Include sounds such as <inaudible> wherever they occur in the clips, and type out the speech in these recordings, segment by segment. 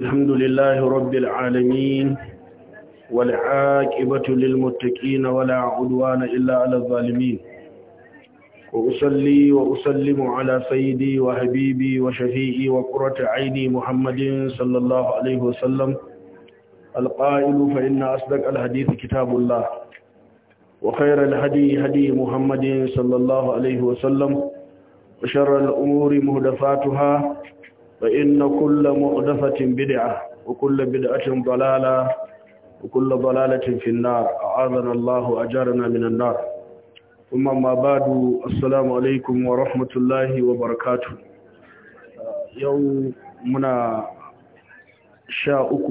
الحمد لله رب العالمين والعاقبة للمتقين ولا عدوان إلا على الظالمين وأصلي وأسلم على سيدي وحبيبي وشفيئي وقرة عيني محمد صلى الله عليه وسلم القائل فإن أصدق الحديث كتاب الله وخير الهدي هدي محمد صلى الله عليه وسلم وشر الأمور مهدفاتها فإن كل مؤدفة بدعة وكل بدعة ضلالة وكل ضلالة في النار أعاذنا الله أجارنا من النار ثم ما بعد السلام عليكم ورحمة الله وبركاته يوم منا شاءك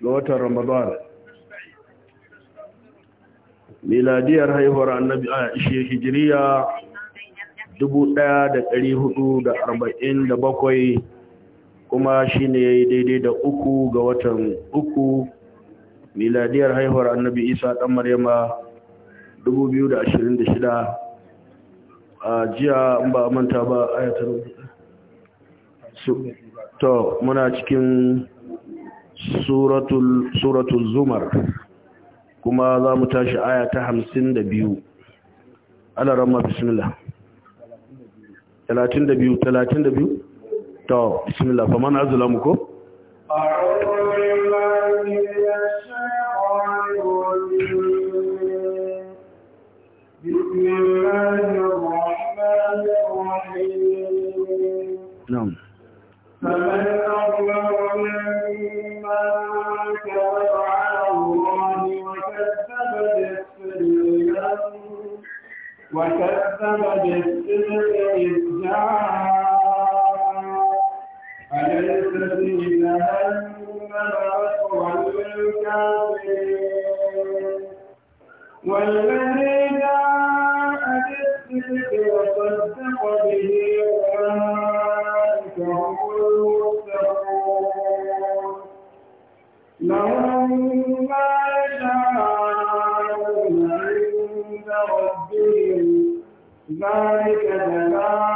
لوات رمضان miladiyar haihuwar annabi a hijiriya bakwai kuma shi ne ya yi daidai da uku ga watan uku miladiyar haihuwar annabi isa ɗan maryama 2026 a jiya in ba manta ba ayatar su to muna cikin suratul zumar kuma za mu tashi aya ta 52 ala ramma bismillah talatin da biyu talatin da biyu bismillah fa mana azula mu ko نعم شاء أليس في جهنم مثوى للكافرين والذي جاء بالصدق وصدق به أولئك هم المتقون لهم ما يشاءون عند ربهم ذلك جزاء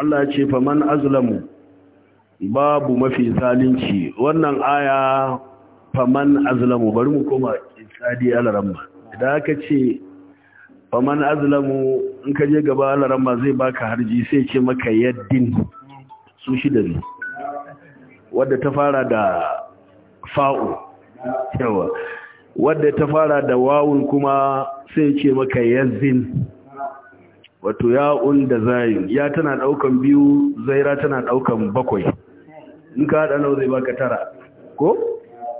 Allah ya ce faman azlamu babu mafi zalunci wannan aya faman azlamu bari mu koma isadi alaramba idan aka ce faman azlamu in ka je gaba alaramba zai baka harji sai ce maka yaddin su shida ne wadda ta fara da fa'u yawa wadda ta fara da wawun kuma sai ce maka yazzin wato ya'un da zayin ya tana daukan biyu zaira tana daukan bakwai in ka hada nau zai baka tara ko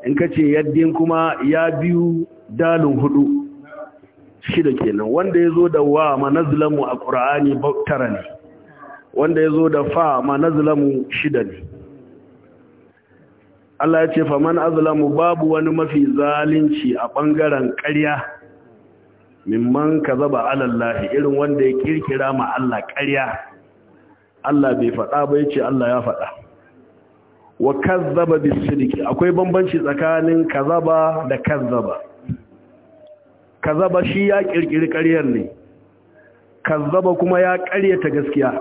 in ka ce yaddin kuma ya biyu dalin hudu shida kenan wanda yazo da wa manazlamu a qur'ani tara ne wanda yazo da fa manazlamu shida ne Allah ya ce fa man azlamu babu wani mafi zalunci a bangaren ƙarya mimman kazaba zaba alallahi irin wanda ya kirkira ma Allah ƙarya Allah bai faɗa ba ya ce Allah ya faɗa wa kazzaba bisidiki akwai bambanci tsakanin kazaba da kazzaba kazaba shi ya kirkiri ƙaryar ne kazzaba kuma ya ƙaryata gaskiya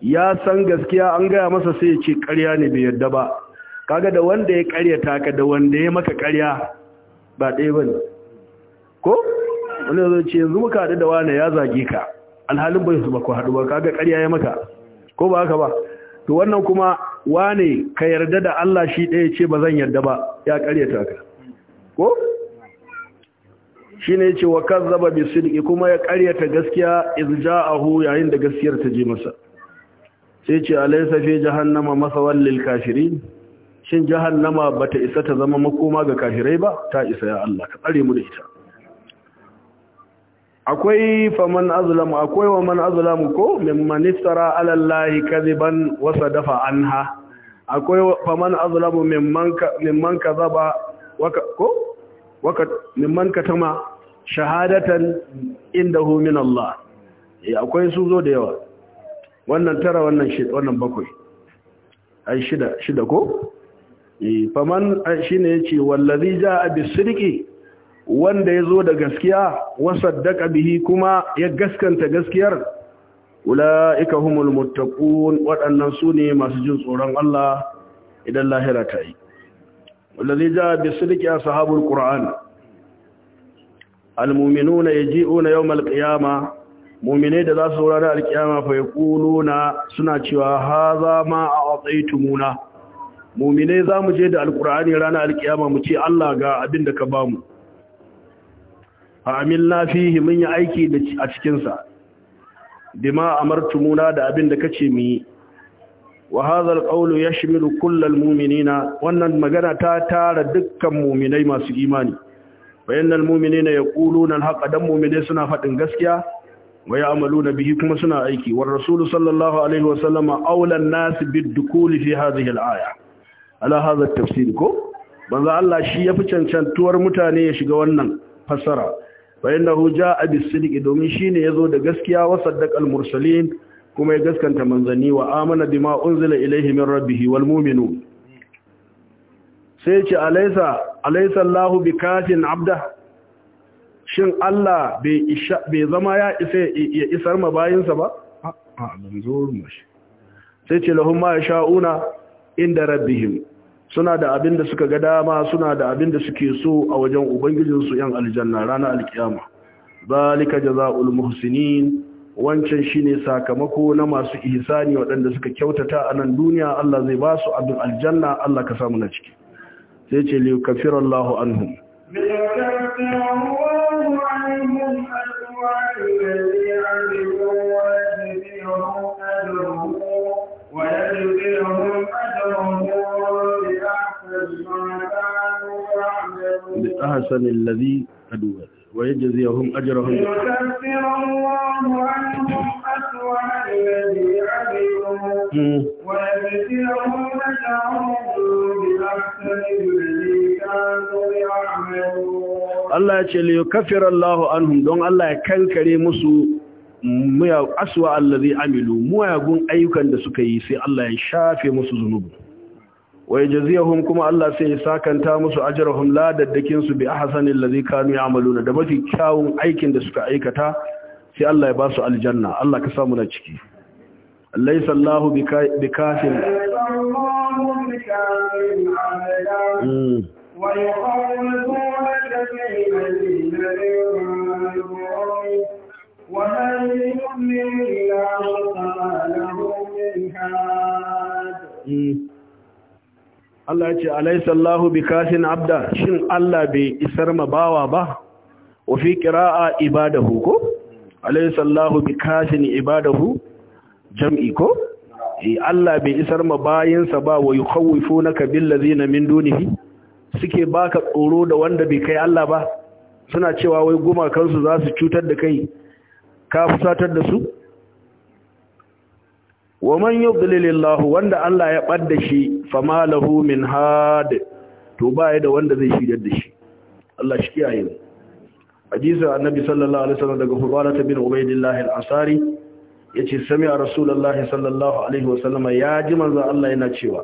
ya san gaskiya an gaya masa sai ya ce ƙarya ne bai yadda ba kaga da wanda ya ƙaryata ka da wanda ya maka ƙarya ba ɗaya ne, ko wani zai ce yanzu muka haɗu da wani ya zage ka alhalin bai su bako ku haɗu ba kaga ƙarya ya maka ko ba haka ba to wannan kuma wane ka yarda da Allah shi ɗaya ce ba zan yarda ba ya ƙaryata ka ko shi ne ce wa kazzaba bi sidqi kuma ya ƙarya ta gaskiya izja'ahu yayin da gaskiyar ta je masa sai ce alaysa fi jahannama masawan lil kafirin shin jahannama bata isa ta zama makoma ga kafirai ba ta isa ya Allah ka tsare mu da ita akwai faman azlamu akwai wa man azlamu ko mimman iftara ala allahi kadiban wa sadafa anha akwai faman azlamu mimman ka zaba wa ko man ka katama shahadatan indahu min allah eh, akwai su zo da yawa wannan tara wannan wannan bakwai ai shida shida ko eh, faman shine yace wallazi jaa bisirqi wanda ya zo da gaskiya wasaddaka bihi kuma ya gaskanta gaskiyar ula'ika humul muttaqun waɗannan su ne masu jin tsoron Allah idan lahira ta yi wallazi ja bi sidqi ashabul qur'an almu'minuna yaji'una yawmal qiyama mu'mine da za zasu saurara alqiyama fa yaquluna suna cewa haza ma a'taytumuna mu'mine mu je da alƙura'ani ranar alƙiyama mu ce Allah ga abin da ka bamu amin amilna fihi mun yi aiki a cikinsa bima amartumuna da abin da kace mu yi wa ya alqawlu yashmilu kullal mu'minina wannan magana ta tara dukkan mu'minai masu imani bayanal mu'minina yaquluna alhaqa dan mu'minai suna fadin gaskiya wa na bihi kuma suna aiki wa rasulu sallallahu alaihi wasallama awla an-nas bid fi hadhihi al-aya ala hadha tafsir ko banza Allah shi ya fi cancantuwar mutane ya shiga wannan fassara. fa'inda hujja a bisiriki domin shi ne ya zo da gaskiya wa al-mursalin kuma ya gaskanta manzani wa amana bi ma'un zila ilahimin walmuminu sai ce alaisa allahu bi kafin abda shin allah bai zama ya isar ma bayinsa ba sai ce lahun ma ya sha'una inda rabihim suna da abin da suka ga dama suna da abin da suke so a wajen ubangijinsu yan aljanna ranar alkiyama zalika jazaul muhsinin wancan shine sakamako na masu ihsani waɗanda suka kyautata a nan duniya Allah zai ba su abin aljanna Allah ka samu na ciki sai ce li kafirallahu anhum أحسن الذي أدوه ويجزيهم أجرهم يكفر الله عنهم أسوأ الذي عملوا ويجزيهم أجرهم بأحسن الذي كانوا يعملون Allah ya ce don Allah ya kankare musu aswa allazi amilu muyagun ayyukan da suka yi sai Allah ya shafe musu zunubi wa yajziyahum kuma Allah sai ya sakanta musu ajrahum ladaddakin su bi ahsanil ladhi kanu ya'maluna da mafi kyawun aikin da suka aikata sai Allah ya ba su aljanna Allah ka samu na ciki laysa Allahu bikafin ويخوفونك hmm. بالذين hmm. من دونه ومن يؤمن الله فما له من هاد Allah ya ce alaisallahu bi kasin abda shin Allah bai isar ma bawa ba wa fi qira'a ibadahu ko alaisallahu bi kasin ibadahu jam'i ko eh, Allah bai isar ma sa ba wa yukhawifunaka bil ladina min dunihi suke baka tsoro da wanda bai kai Allah ba suna cewa wai gumakansu za su cutar da kai ka fusatar da su wa man yudlilillahu wanda Allah ya ɓadda shi fama lahu min had to ba baya da wanda zai shirya da shi Allah shi kiyaye mu hadisin annabi sallallahu alaihi wasallam daga ta bin Ubaydillah al-Asari yace sami'a rasulullahi sallallahu alaihi wasallam ya ji manzo Allah yana cewa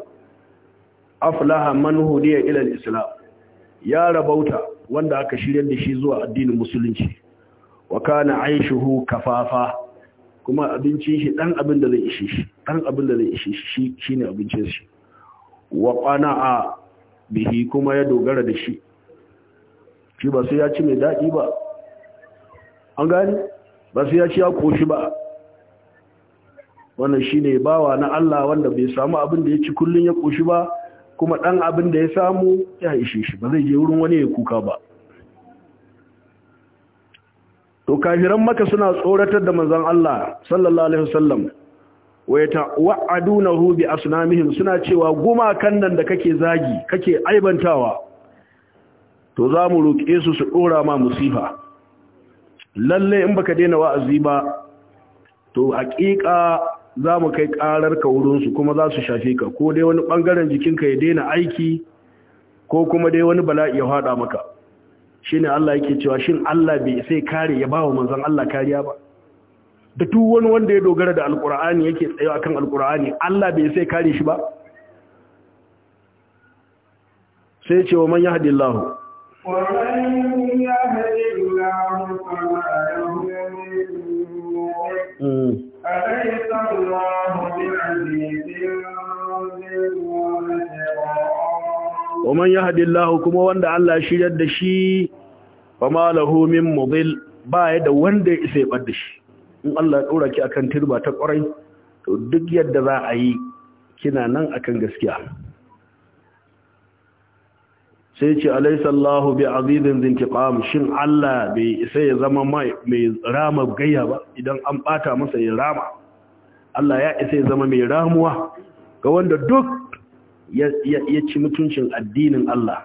aflaha man hudiya ila al-islam ya rabauta wanda aka shirya da shi zuwa addinin musulunci wa kana aishuhu kafafa kuma abincin shi dan abin da zai ishe shi dan abin da zai ishe shi shine abincin shi wa qana'a bihi kuma ya dogara da shi shi ba sai ya ci mai dadi ba an gani ba sai ya ci ya koshi ba wannan shine bawa na Allah wanda bai samu abin da ya ci kullun ya koshi ba kuma dan abin da ya samu ya ishe shi ba zai je wurin wani ya kuka ba to kafiran maka suna tsoratar da manzon Allah sallallahu alaihi wasallam wa'adunahu bi asnamihim suna cewa guma kan nan da kake zagi kake aibantawa to za mu roƙe su su ɗora ma musifa lalle in baka daina wa'azi ba to haƙiƙa za mu kai ƙarar ka wurinsu kuma za su shafe ka ko dai wani ɓangaren jikinka ya daina aiki ko kuma dai wani bala'i ya haɗa maka shine Allah yake cewa shin Allah bai sai kare ya bawa manzon Allah kariya ba da duk wani wanda ya dogara da alkur'ani yake tsaye akan alkur'ani Allah bai sai kare shi ba sai ce wa man yahdillahu wa man yahdillahu Koman man yahdillahu kuma wanda Allah shirya da shi fa ma lahu min ba ya da wanda ya isa ya bar da shi in Allah ya dora ki akan tirba ta kwarai to duk yadda za a yi kina nan akan gaskiya sai ce alaysa Allahu bi azizin zintiqam shin Allah bai isa ya zama mai rama gayya ba idan an bata masa ya rama Allah ya isa ya zama mai ramuwa ga wanda duk ya ci mutuncin addinin Allah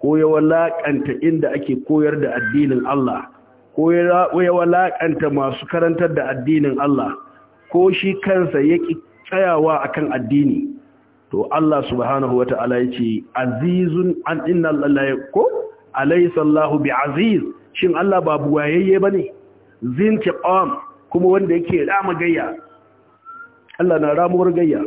ko ya walakanta inda ake koyar da addinin Allah ko ya walakanta masu karantar da addinin Allah ko shi kansa ya ki tsayawa akan addini to Allah subhanahu wata'ala ce, azizun an inna ya ko alaysa bi aziz. shin Allah ba buwayayye bane zintiqam kuma wanda yake rama gayya Allah na ramuwar gayya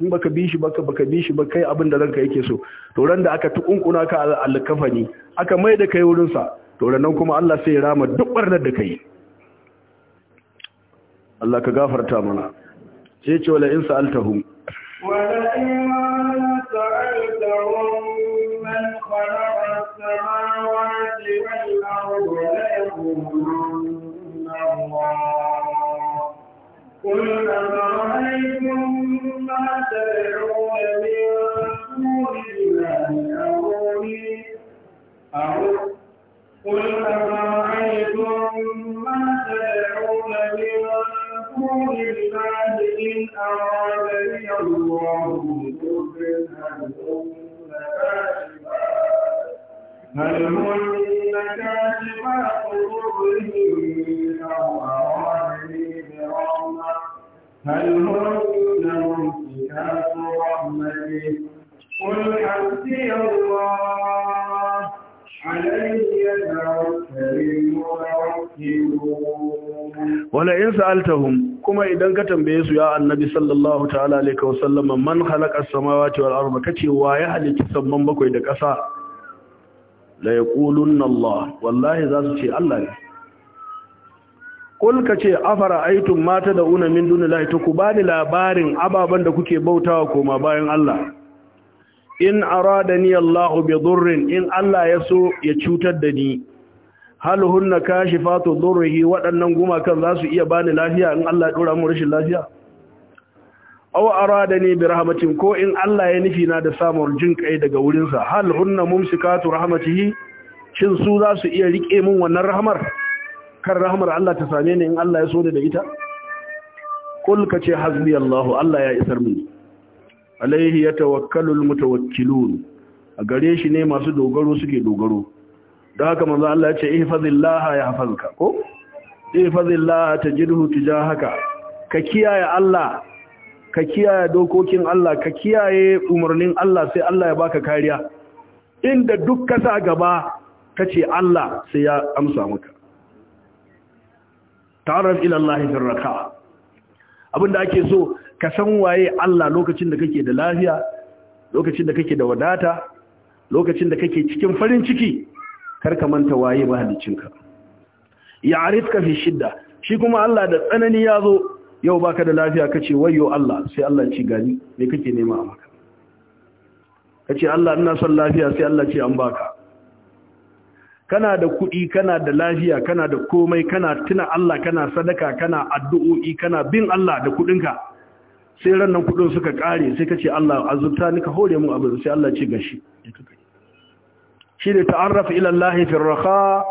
in baka bi shi baka baka bi shi ba kai abin da ranka yake so to ran da aka tukunkuna ka alƙafani aka mai da kai wurin sa to ranan kuma Allah sai ya rama duk barnar da kai Allah ka gafarta mana sai ce wala in sa'altahum wala in sa'altahum man khalaqa as-samawati wal arda la yaquluna Allah تدعون من دون الله ما تدعون من الله إن أرادني الله بضر هل هن كاشفات ضرهم أو أرادني برحمة هل هن كتاب رحمته قل حسبي الله عليه يتوكل المتوكلون ولئن سألتهم kuma idan ka tambaye su ya annabi sallallahu ta'ala alaihi sallam man khalaqa as-samawati wal arda kace wa ya halitta samman bakwai da ƙasa la yaqulunna Allah wallahi za su ce Allah ne kul ka ce afara aitun mata da una min duni lahi ku bani labarin ababen da kuke bautawa koma bayan Allah in aradani Allah bi durrin in Allah ya so ya cutar da ni hal hunna kashifatu durrihi waɗannan gumakan za su iya bani lafiya in Allah ya dora mu rashin lafiya aw aradani bi rahmatin ko in Allah ya nufi na da samun jin kai daga wurinsa hal hunna mumsikatu rahmatihi shin su za su iya rike min wannan rahmar kan rahmar Allah ta same ni in Allah ya so da ita kul ka ce hasbi Allah Allah ya isar mini alaihi yatawakkalu almutawakkilun a gare shi ne masu dogaro suke dogaro da haka manzo Allah ya ce ya hafazka ko ta tajidhu tijahaka ka kiyaye Allah ka kiyaye dokokin Allah ka kiyaye umarnin Allah sai Allah ya baka kariya inda duk ka sa gaba kace Allah sai ya amsa maka ta'arraf ila Allah fi raka abinda ake so ka san waye Allah lokacin da kake da lafiya lokacin da kake da wadata lokacin da kake cikin farin ciki kar ka manta waye mahaliccinka ya'rifka fi shidda shi kuma Allah da tsanani ya zo yau baka da lafiya kace wayyo Allah sai Allah ci gani me kake nema a maka kace Allah ina son lafiya sai Allah ce an baka kana da kuɗi kana da lafiya kana da komai kana tuna Allah kana sadaka kana addu'o'i kana bin Allah da kuɗinka sai rannan kuɗin suka ƙare sai ka ce Allah azurta ni ka hore mu abin sai Allah ce gashi shi da ta'arrafa ila Allah fi raha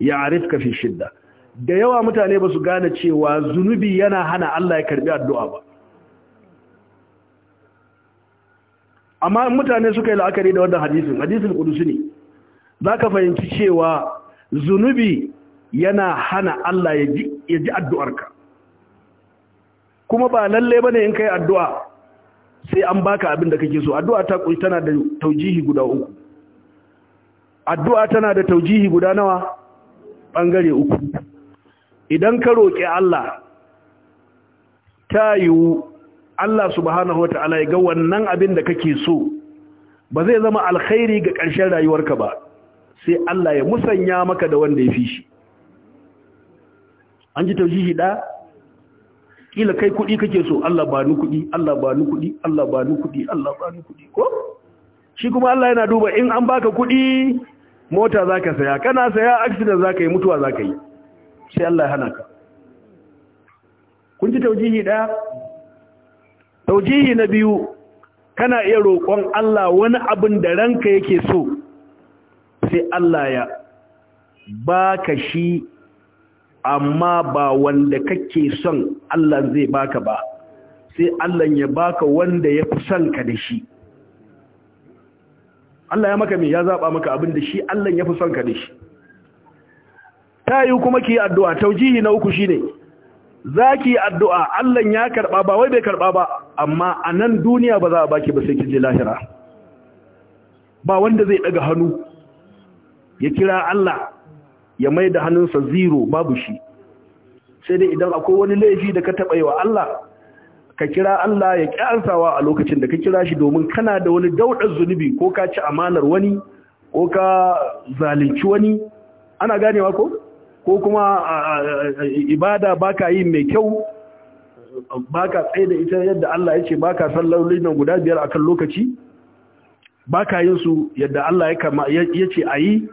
arifka fi shidda da yawa mutane ba su gane cewa zunubi yana hana Allah ya karbi addu'a ba amma mutane suka yi la'akari da wannan hadisin hadisin kudusi ne za ka fahimci cewa zunubi yana hana Allah ya ji addu'arka kuma ba lalle ba ne in ka yi addu'a sai an baka abin da kake so addu'a ta ƙuri tana da taujihi guda uku addu'a tana da taujihi guda nawa ɓangare uku idan ka roƙi Allah ta yiwu Allah subhanahu ala ya ga wannan abin da kake so ba zai zama alkhairi ga ƙarshen rayuwarka ba sai Allah ya musanya maka da wanda ya fi shi an ji taujihi ɗa? Ƙila kai kuɗi kake so Allah ba ni kuɗi, Allah ba ni kuɗi, Allah ba ni kuɗi, Allah ba ni kuɗi, ko shi kuma Allah yana duba in an baka kuɗi mota za ka saya kana saya za ka yi mutuwa za ka yi sai Allah ya hana ka kun ji taujihi da taujihi na biyu kana iya roƙon Allah wani abin da ranka yake so sai Allah ya baka shi amma ba wanda kake son Allah zai baka ba sai Allah ya baka wanda ya fi son ka da shi Allah ya maka mai ya zaba maka abin da shi Allah ya fi son ka da shi ta yi kuma ki addu'a taujihi na uku shi ne. ki yi addu'a Allah ya karɓa ba wai bai karɓa ba amma a nan duniya ba za a baki ba sai kin ji lahira ba wanda zai ɗaga hannu ya kira Allah ya mai da hannunsa zero babu shi sai dai idan akwai wani laifi da ka taɓa yi wa Allah ka kira Allah ya ƙyansawa a lokacin da ka kira shi domin kana da wani daudar zunubi ko ka ci amanar wani ko ka zalunci wani ana ganewa ko ko kuma ibada baka yi mai kyau baka tsaye da ita yadda Allah ya ce baka san nan guda biyar akan lokaci baka yin su yadda Allah ya ce a yi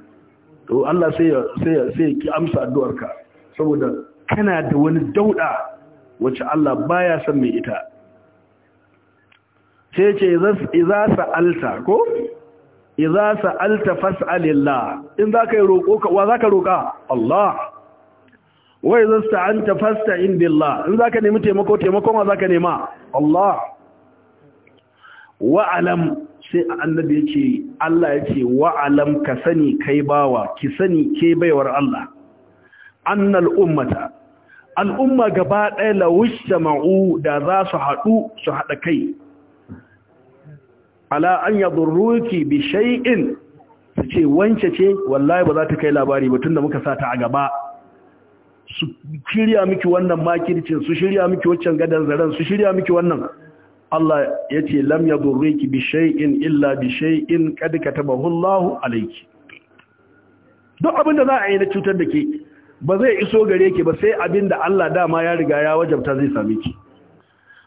to Allah sai ya sai ki amsa addu'arka saboda kana da wani dauda wacce Allah baya son mai ita sai ce idza sa'alta ko idza sa'alta fas'alillah in zaka yi roko ka wa zaka roka Allah Wa zan sta'anta fasta in billah in zaka nemi taimako taimakon wa zaka nema Allah wa alam sai a annabi ya ce Allah ya ce wa'alam ka sani kai bawa ki sani ke baiwar Allah annal ummata al'umma gaba ɗaya lawishtama'u da za su haɗu su haɗa kai ala an yadurruki bi shay'in su ce wance ce wallahi ba za ta kai labari ba tunda muka sata a gaba su shirya miki wannan makircin su shirya miki waccan gadan zaren su shirya miki wannan Allah ya ce lam ya zurri ki bi shay'in illa bi shay'in kad katabahu Allah alayki duk abinda za a yi na cutar da ke ba zai iso gare ki ba sai abinda Allah dama ya riga ya wajabta zai same ki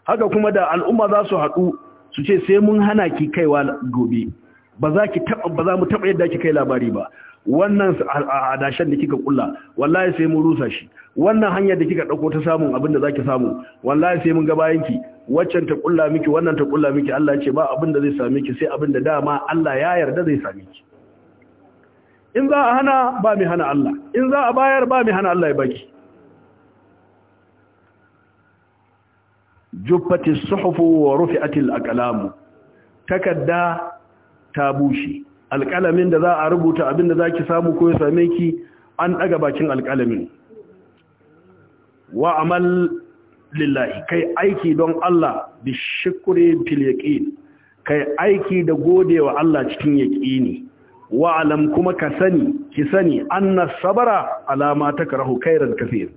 haka kuma da al'umma za su haɗu su ce sai mun hana ki kaiwa gobe ba za ki taba ba za mu taba yadda ki kai labari ba wannan adashen da kika kulla wallahi sai mun rusa shi wannan hanyar da kika dauko ta samun abin da zaki samu wallahi sai mun ga bayanki waccan ta kulla miki wannan ta kulla miki Allah ya ce ba abin da zai same ki sai abin da dama Allah ya yarda zai same ki in za a hana ba mai hana Allah in za a bayar ba mai hana Allah ya baki juffati suhufu wa rufi'atil aqlamu takadda ta bushe alƙalamin da za a rubuta abin da za ki samu ko ya same ki an ɗaga bakin alƙalamin wa amal lillahi kai aiki don Allah bi shukri fil yaqin kai aiki da godewa Allah cikin yaqini wa alam kuma ka sani ki sani anna sabara alama takrahu khairan kaseer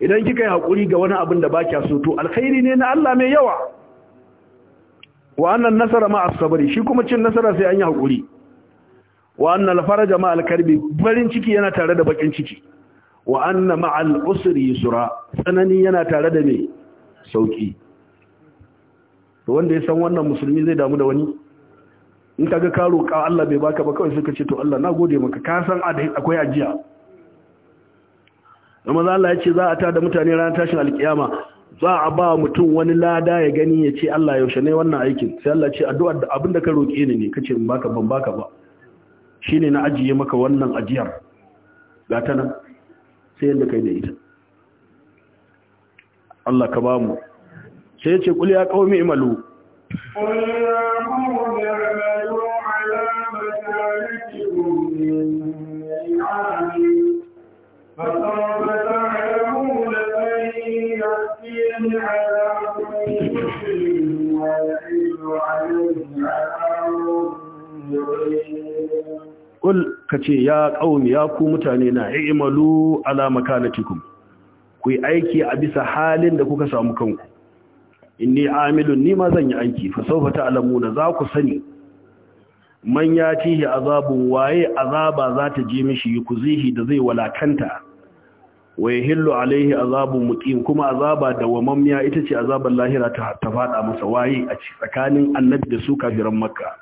idan kika yi hakuri ga wani abin da baki so to alkhairi ne na Allah mai yawa wa annan nasara ma as-sabri shi kuma cin nasara sai an yi hakuri wa annal faraja ma al-karbi barin ciki yana tare da bakin ciki wa anna ma al-usri yusra tsanani yana tare da me sauki to wanda ya san wannan musulmi zai damu da wani in kaga ka roƙa Allah bai baka ba kawai sai ka ce to Allah na gode maka ka san akwai ajiya amma Allah ya ce za a tada mutane ranar tashin alkiyama za a ba mutum wani lada ya gani ya ce Allah yaushe ne wannan aikin sai Allah ce addu'ar da abinda ka roƙe ni ne kace in baka ban baka ba ne na ajiye maka wannan ajiyar ga ta nan sai yadda kai da ita Allah ka ba mu sai ce kuli ya kawo imalu فَصَبَّتْ عَلَيْهُ لَفَيْنَ فِيهِ عَذَابٌ kul kace ya qaumi ya ku mutane na i'malu ala makanatikum ku yi aiki a bisa halin da kuka samu kanku inni amilun ni ma zan yi aiki fa sawfa ta'lamuna za ku sani man ya tihi azabun waye azaba za ta je mishi zihi da zai walakanta wa hillu alaihi azabun muqim kuma azaba da mamiya ita ce azabar lahira ta fada masa waye a tsakanin annabi da su kafiran makka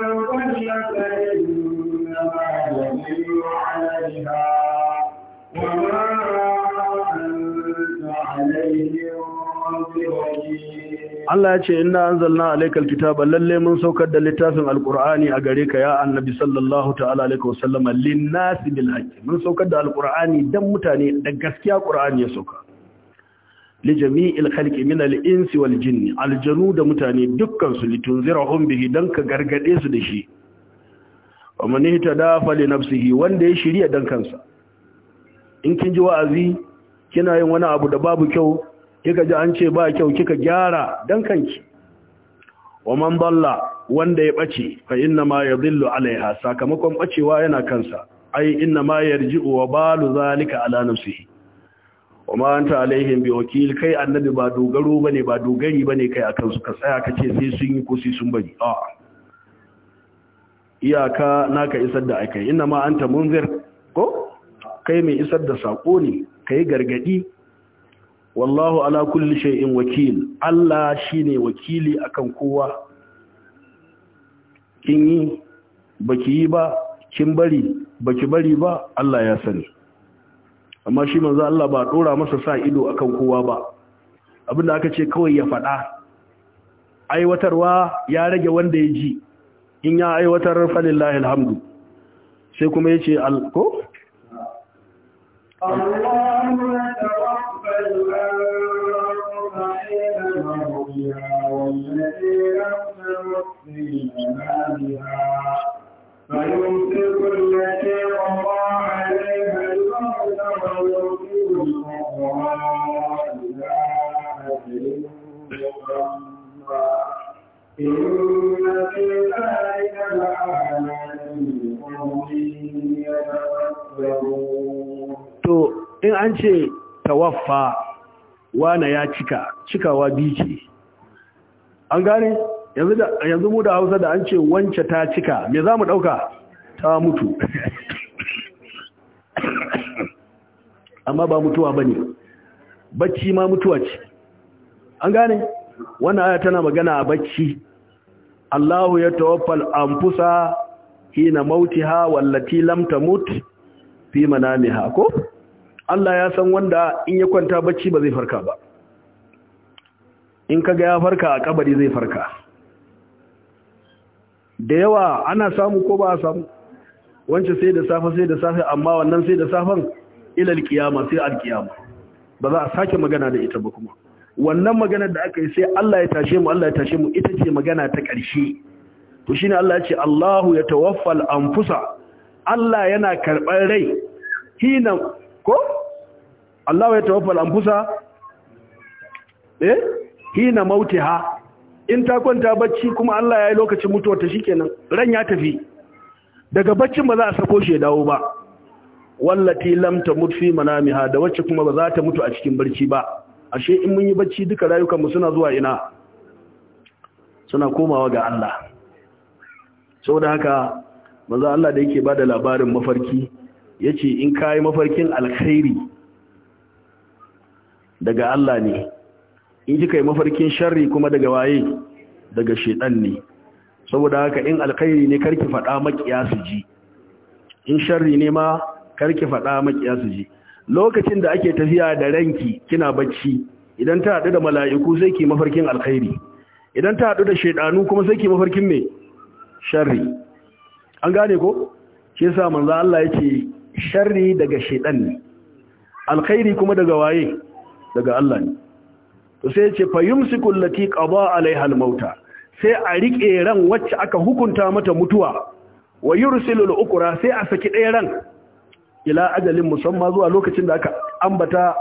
Allah ya ce inna anzalna alaykal kitaba lalle mun saukar da littafin alqur'ani a gare ka ya annabi sallallahu ta'ala alaihi wasallam linnasi bil haqq mun saukar da alqur'ani dan mutane da gaskiya qur'ani ya sauka li jami'il khalqi min al insi wal jinni aljanu da mutane dukkan su litunzirahum bihi dan ka gargade su da shi wa man ihtada fa li nafsihi wanda ya shirya dan kansa in kin ji wa'azi kina yin wani abu da babu kyau kika ji an ce ba kyau kika gyara dan kanki wa man dalla wanda ya bace fa inna ma yadhillu alaiha sakamakon bacewa yana kansa ai inna ma yarji'u wa balu zalika ala nafsihi wa ma anta alaihim wakil kai annabi ba dogaro bane ba dogari bane kai akan su ka tsaya kace sai sun yi ko sai sun bari a iyaka naka isar da akai inna ma anta munzir ko kai mai isar da sako ne kai gargadi wallahu ala kulli shay'in wakil Allah shine wakili akan kowa kin yi baki yi ba kin bari baki bari ba Allah ya sani amma shi manzo Allah ba dora masa sa ido akan kowa ba abinda aka ce kawai ya faɗa aiwatarwa ya rage wanda ya ji in ya aiwatar falillahi alhamdu sai kuma yace ko Allah To, in an ce tawaffa wana ya cika, cikawa biki, an gane? yanzu mu da hausa da an ce wance ta cika me za mu ɗauka ta mutu amma ba mutuwa ba ne bacci ma mutuwa ce an gane wannan aya tana magana a bacci Allahu ya tawaffal anfusa hina mautiha wallati lam tamut fi manamiha ko Allah ya san wanda in ya kwanta bacci ba zai farka ba in kaga ya farka a kabari zai farka da yawa ana samu ko ba a samu wancan sai da safe sai da safe amma wannan sai da safen ilal kiyama sai alkiyama ba za a sake magana da ita ba kuma wannan magana da aka yi sai Allah ya tashe mu Allah ya tashe mu ita ce magana ta ƙarshe to shine Allah ya ce Allahu ya tawaffal anfusa Allah yana karɓar rai hina ko Allah ya tawaffal anfusa eh hina mautiha in ta kwanta bacci kuma Allah ya yi lokacin mutuwar ta shikenan ran ya tafi daga baccin ba za a sako shi ya dawo ba wallati lam tamut fi manamiha da wacce kuma ba za ta mutu a cikin barci ba ashe in mun yi bacci duka rayukan mu suna zuwa ina suna komawa ga Allah saboda haka manzo Allah da yake bada labarin mafarki yace in kai mafarkin alkhairi daga Allah ne in ji kai mafarkin sharri kuma daga waye daga shedan ne saboda haka in alkhairi ne karki faɗa makiya su ji in sharri ne ma karki faɗa makiya su ji lokacin da ake tafiya da ranki kina bacci idan ta haɗu da mala'iku sai ki mafarkin alkhairi idan ta haɗu da shaidanu kuma sai ki mafarkin me sharri an gane ko shi yasa manzo Allah yace sharri daga shaidan ne alkhairi kuma daga waye daga Allah ne sai ce fa yumsiku allati qada alaiha almauta sai a rike ran wacce aka hukunta mata mutuwa wa yursilu alukra sai a saki ɗaya ran ila ajalin musamma zuwa lokacin da aka ambata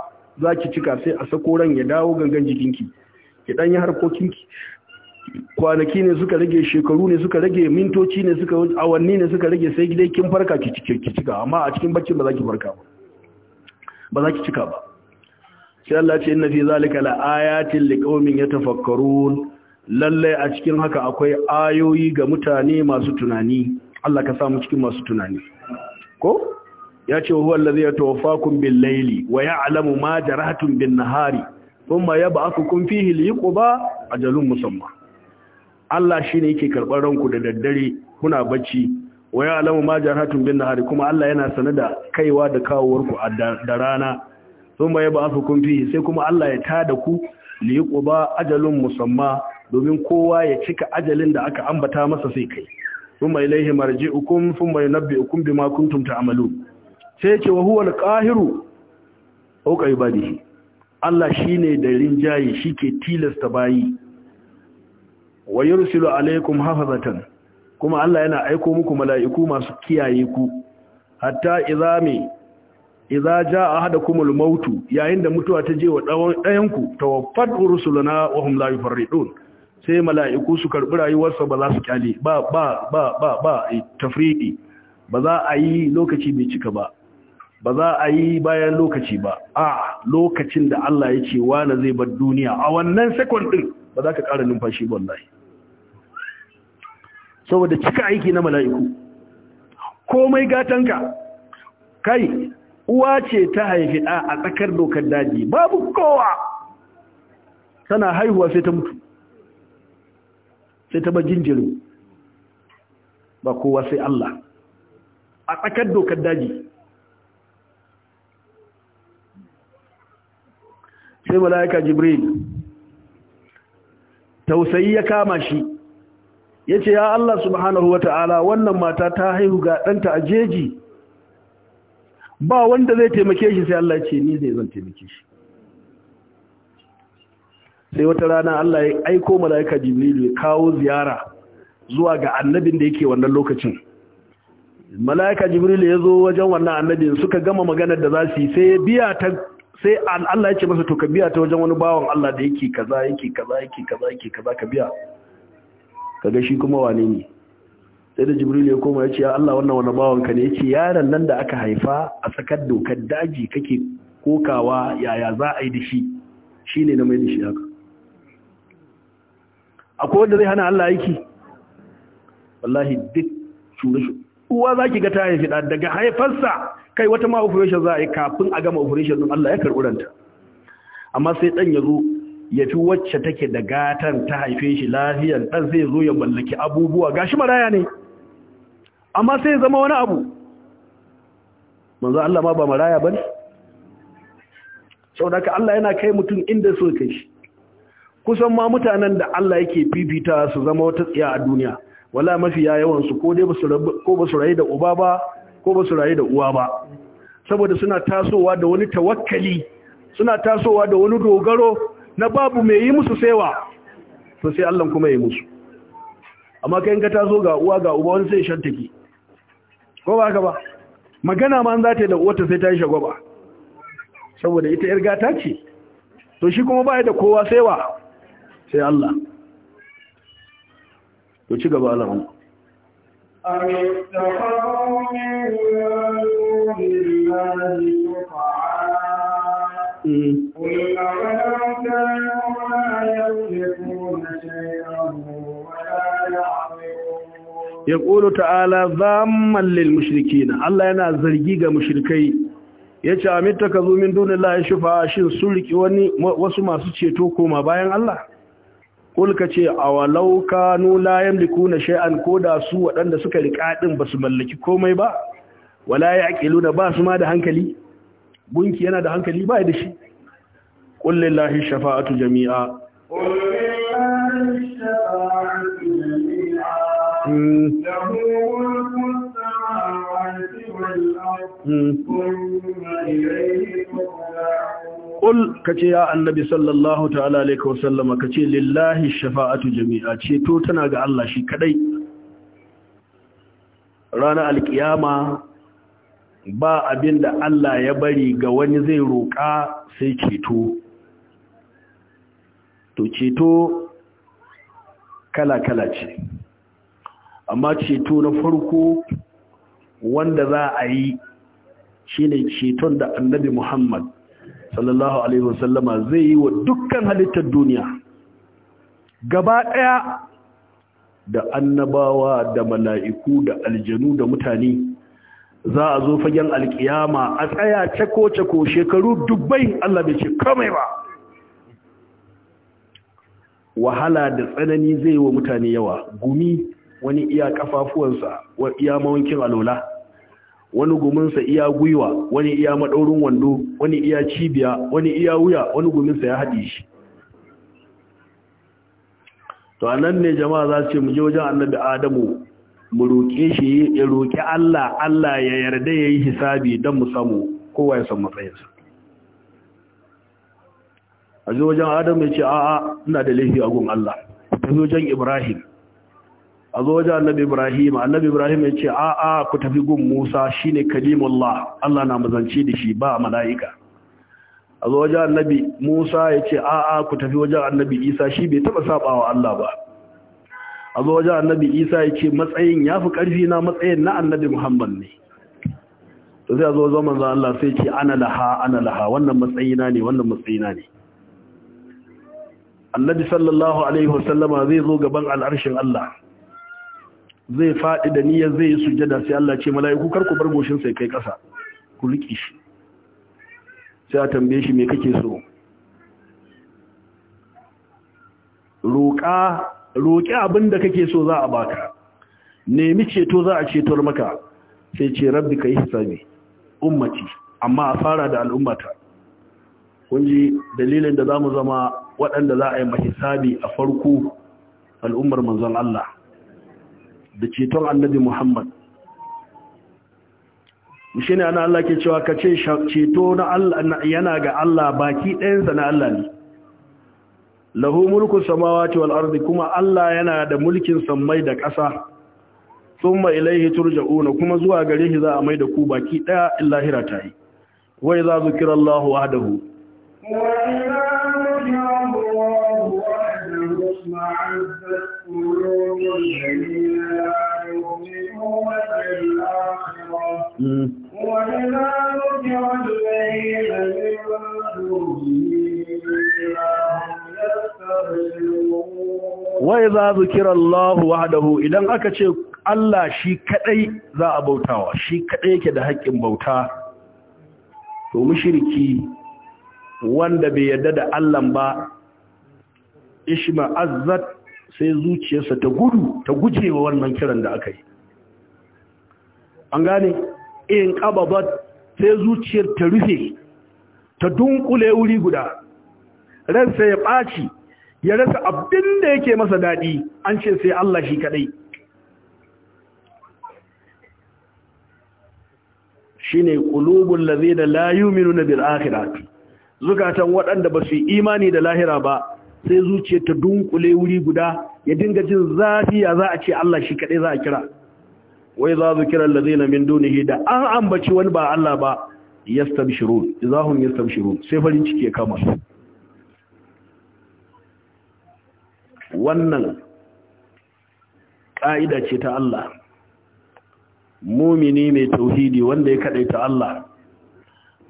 zaki cika sai a sako ran ya dawo gangan jikinki ki dan yi harkokinki kwanaki ne suka rage shekaru ne suka rage mintoci ne suka awanni ne suka rage sai dai kin farka ki cika amma a cikin baccin ba za ki farka ba ba za ki cika ba sai Allah ce inna fi zalika la ayatin liqaumin yatafakkarun lalle a cikin haka akwai ayoyi ga mutane masu tunani Allah ka sa mu cikin masu tunani ko ya ce huwa allazi yatawaffakum bil layli wa ya'lamu ma jarahatum bin nahari thumma yab'athukum fihi liqba ajalun musamma Allah shine yake karbar ranku da daddare kuna bacci wa ya'lamu ma jarahatum bin nahari kuma Allah yana sanar da kaiwa da kawowarku da rana sun ba ya ba su kumfi sai kuma Allah ya tada ku yi ba ajalin musamma domin kowa ya cika ajalin da aka ambata masa sai kai sun mai laihi marji ukun sun mai nabbi ukun bi makuntum ta amalu sai ce wa huwa alƙahiru ba ibadihi Allah shi ne da rinjaye shi ke tilasta bayi wa yursilu alaikum hafazatan kuma Allah yana aiko muku mala'iku masu kiyaye ku hatta izami Iza ja a hada kuma maut yayin da mutuwa ta je wa ɗayanku ku wafat rusuluna wa hum la yufarridun sai mala'iku su karɓi rayuwarsa ba za su kyale ba ba ba ba ba eh, tafriɗi ba za a yi lokaci bai cika ba ba za a yi bayan lokaci ba a lokacin da Allah ya ce wani zai bar duniya a wannan second din ba za ka ƙara numfashi ba wallahi saboda cika aiki na mala'iku komai gatanka kai uwa ce ta haifi ɗa a tsakar dokar daji babu kowa tana haihuwa sai ta mutu sai ta jiru ba kowa sai Allah a tsakar dokar daji sai mala'ika jibril tausayi ya kama shi ya ce ya Allah subhanahu wa ta'ala wannan mata ta haihu ga ɗanta a jeji ba wanda zai taimake shi sai Allah ce ni zai zan taimake shi sai wata rana Allah ya aiko mala'ika Jibrilu ya kawo ziyara zuwa ga annabin da yake wannan lokacin mala'ika Jibrilu ya zo wajen wannan annabin suka gama maganar da za su yi sai ya biya ta sai Allah ya ce masa to ka biya ta wajen wani bawan Allah da yake kaza yake kaza yake kaza yake kaza ka biya kaga shi kuma wane ne sai da jibril ya koma ya ce ya Allah wannan wani bawanka ne ya ce yaron nan da aka haifa a tsakar dokar daji kake kokawa yaya za a yi da shi shi ne na mai da shi haka akwai wanda zai hana Allah aiki wallahi duk shure shi uwa za ki ga ta haifi daga haifarsa kai wata ma operation za a yi kafin a gama operation din Allah ya karɓi ranta amma sai ɗan ya zo ya fi wacce take da gatan ta haife shi lafiyan ɗan zai zo ya mallaki abubuwa gashi maraya ne amma sai zama wani abu manzo Allah ma ba maraya bane saboda ka Allah yana kai mutum inda so kai shi kusan ma mutanen da Allah yake fifita su zama wata tsiya a duniya wala mafi yawan su ko dai ba ko ba su rayu da uba ba ko ba su rayu da uwa ba saboda suna tasowa da wani tawakkali suna tasowa da wani dogaro na babu mai yi musu sewa to sai Allah kuma ya yi musu amma kai in ka taso ga uwa ga uba wani sai shantaki ko ba ka ba magana ma za ta yi da uwarta sai ta yi shagwaba saboda ita yar gata ce to shi kuma ba da kowa sai wa sai Allah to ci gaba Allah amin اتَّخَذُوا مِن ya ƙulu ta'ala zamman lil mushrikina Allah yana zargi ga mushrikai ya ce amita ka zo min duni la ya shufa shi sun riƙi wasu masu ceto koma bayan Allah ƙulka ce a walau kanu liku na sha'an ko da su waɗanda suka riƙa ɗin ba su mallaki komai ba wala ya da ba su ma da hankali gunki yana da hankali ba da shi ƙul lillahi shafa'atu jami'a shafa'atu Ƙul ka ce ya annabi sallallahu ta'ala alaika wasallama ka ce lillahi shafa'atu jami'a ceto tana ga Allah shi kaɗai. Ranar alƙiyama ba abin da Allah ya bari ga wani zai roƙa sai ceto. To ceto kala-kala ce. amma ceto na farko wanda za a yi shine ceton da annabi Muhammad sallallahu alaihi wasallama zai yi wa dukkan halittar duniya gaba ɗaya da annabawa da mala'iku da aljanu da mutane za a zo fagen alkiyama a tsaya cako-cako shekaru dubbai Allah bai ce kamai ba wahala da tsanani zai yi wa mutane yawa gumi wani iya kafafuwansa wa iya mawankin alola wani guminsa iya gwiwa wani iya maɗaurin wando wani iya cibiya wani iya wuya wani guminsa ya haɗe shi to a nan ne jama'a za su ce mu je wajen annabi adamu mu roƙe shi ya roki Allah Allah ya yarda ya yi hisabi don mu samu kowa ya san matsayinsa a zo wajen adamu ya ce a'a ina da laifi a gun Allah ta zo wajen ibrahim a zo wajen annabi ibrahim annabi ibrahim ya ce a a ku tafi gun musa shi ne kalimullah allah na mazanci da shi ba mala'ika a zo wajen annabi musa ya ce a a ku tafi wajen annabi isa shi bai taba wa allah ba a zo wajen annabi isa ya ce matsayin ya fi karfi na matsayin na annabi muhammad ne to sai a zo zaman za allah sai ce ana laha ana laha wannan matsayina ne wannan matsayina ne annabi sallallahu alaihi wasallama zai zo gaban al'arshin allah zai faɗi da niyyar zai yi sujjada sai Allah ce mala'iku kar ku bar goshin sai kai ƙasa ku riƙe shi sai a tambaye shi me kake so roƙa roƙi abinda da kake so za a baka nemi ceto za a ceto maka sai ce rabbi kai hisabi ummati amma a fara da al'ummata kun ji dalilin da zamu zama waɗanda za a yi mahisabi a farko al'ummar manzon Allah da ceton annabi Muhammad Mushe ne ana Allah ke cewa ka ce ceto na Allah yana ga Allah baki ɗayansa na Allah ne lahu mulku samawa ce wal’arzi kuma Allah yana da mulkin sammai da ƙasa ma ilaihi una kuma zuwa gare shi za a mai da ku baki ɗaya illahira ta yi Wai za su kira Allah wahdahu wa idza zukira Allah wahdahu wai الذين لا يؤمنون بالآخرة وإذا ذكر الذين Allah shi kadai za a bautawa shi kaɗai yake da haƙƙin bauta to shirki wanda bai yarda da Allah ba ishma azzat sai zuciyarsa ta gudu ta guje wa wannan kiran da aka yi an gane in ƙababat sai zuciyar ta rufe ta dunkule wuri guda ransa ya ɓaci ya rasa abin da yake masa daɗi an ce sai Allah shi kaɗai shi ne ƙulubun lazai da layu minu na zukatan waɗanda ba su imani da lahira ba sai zuciyar ta dunkule wuri guda ya dinga jin zafi ya za a ce Allah shi kaɗai za a kira wai za su kira lazina min dunihi da an ambaci wani ba Allah ba izahun izahum shiru sai farin ciki ya kama wannan ƙa'ida ce ta Allah mumini mai tauhidi wanda ya kaɗai ta Allah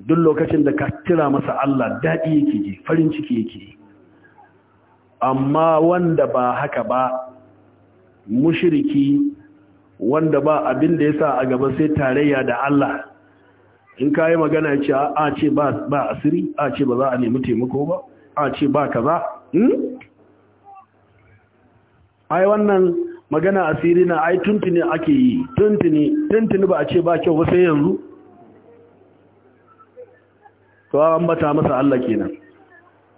duk lokacin da ka tira masa Allah daɗi yake ji farin ciki yake amma wanda ba haka ba mushiriki wanda ba abin da ya sa a gaba sai tarayya da Allah in ka yi magana ce a ce ba asiri a ce ba za a nemi taimako ba a ce ba ka za hmm? ai wannan magana asiri na ai tuntuni ake yi tuntuni tuntuni ba a ce ba kyau ba sai yanzu to an bata masa Allah kenan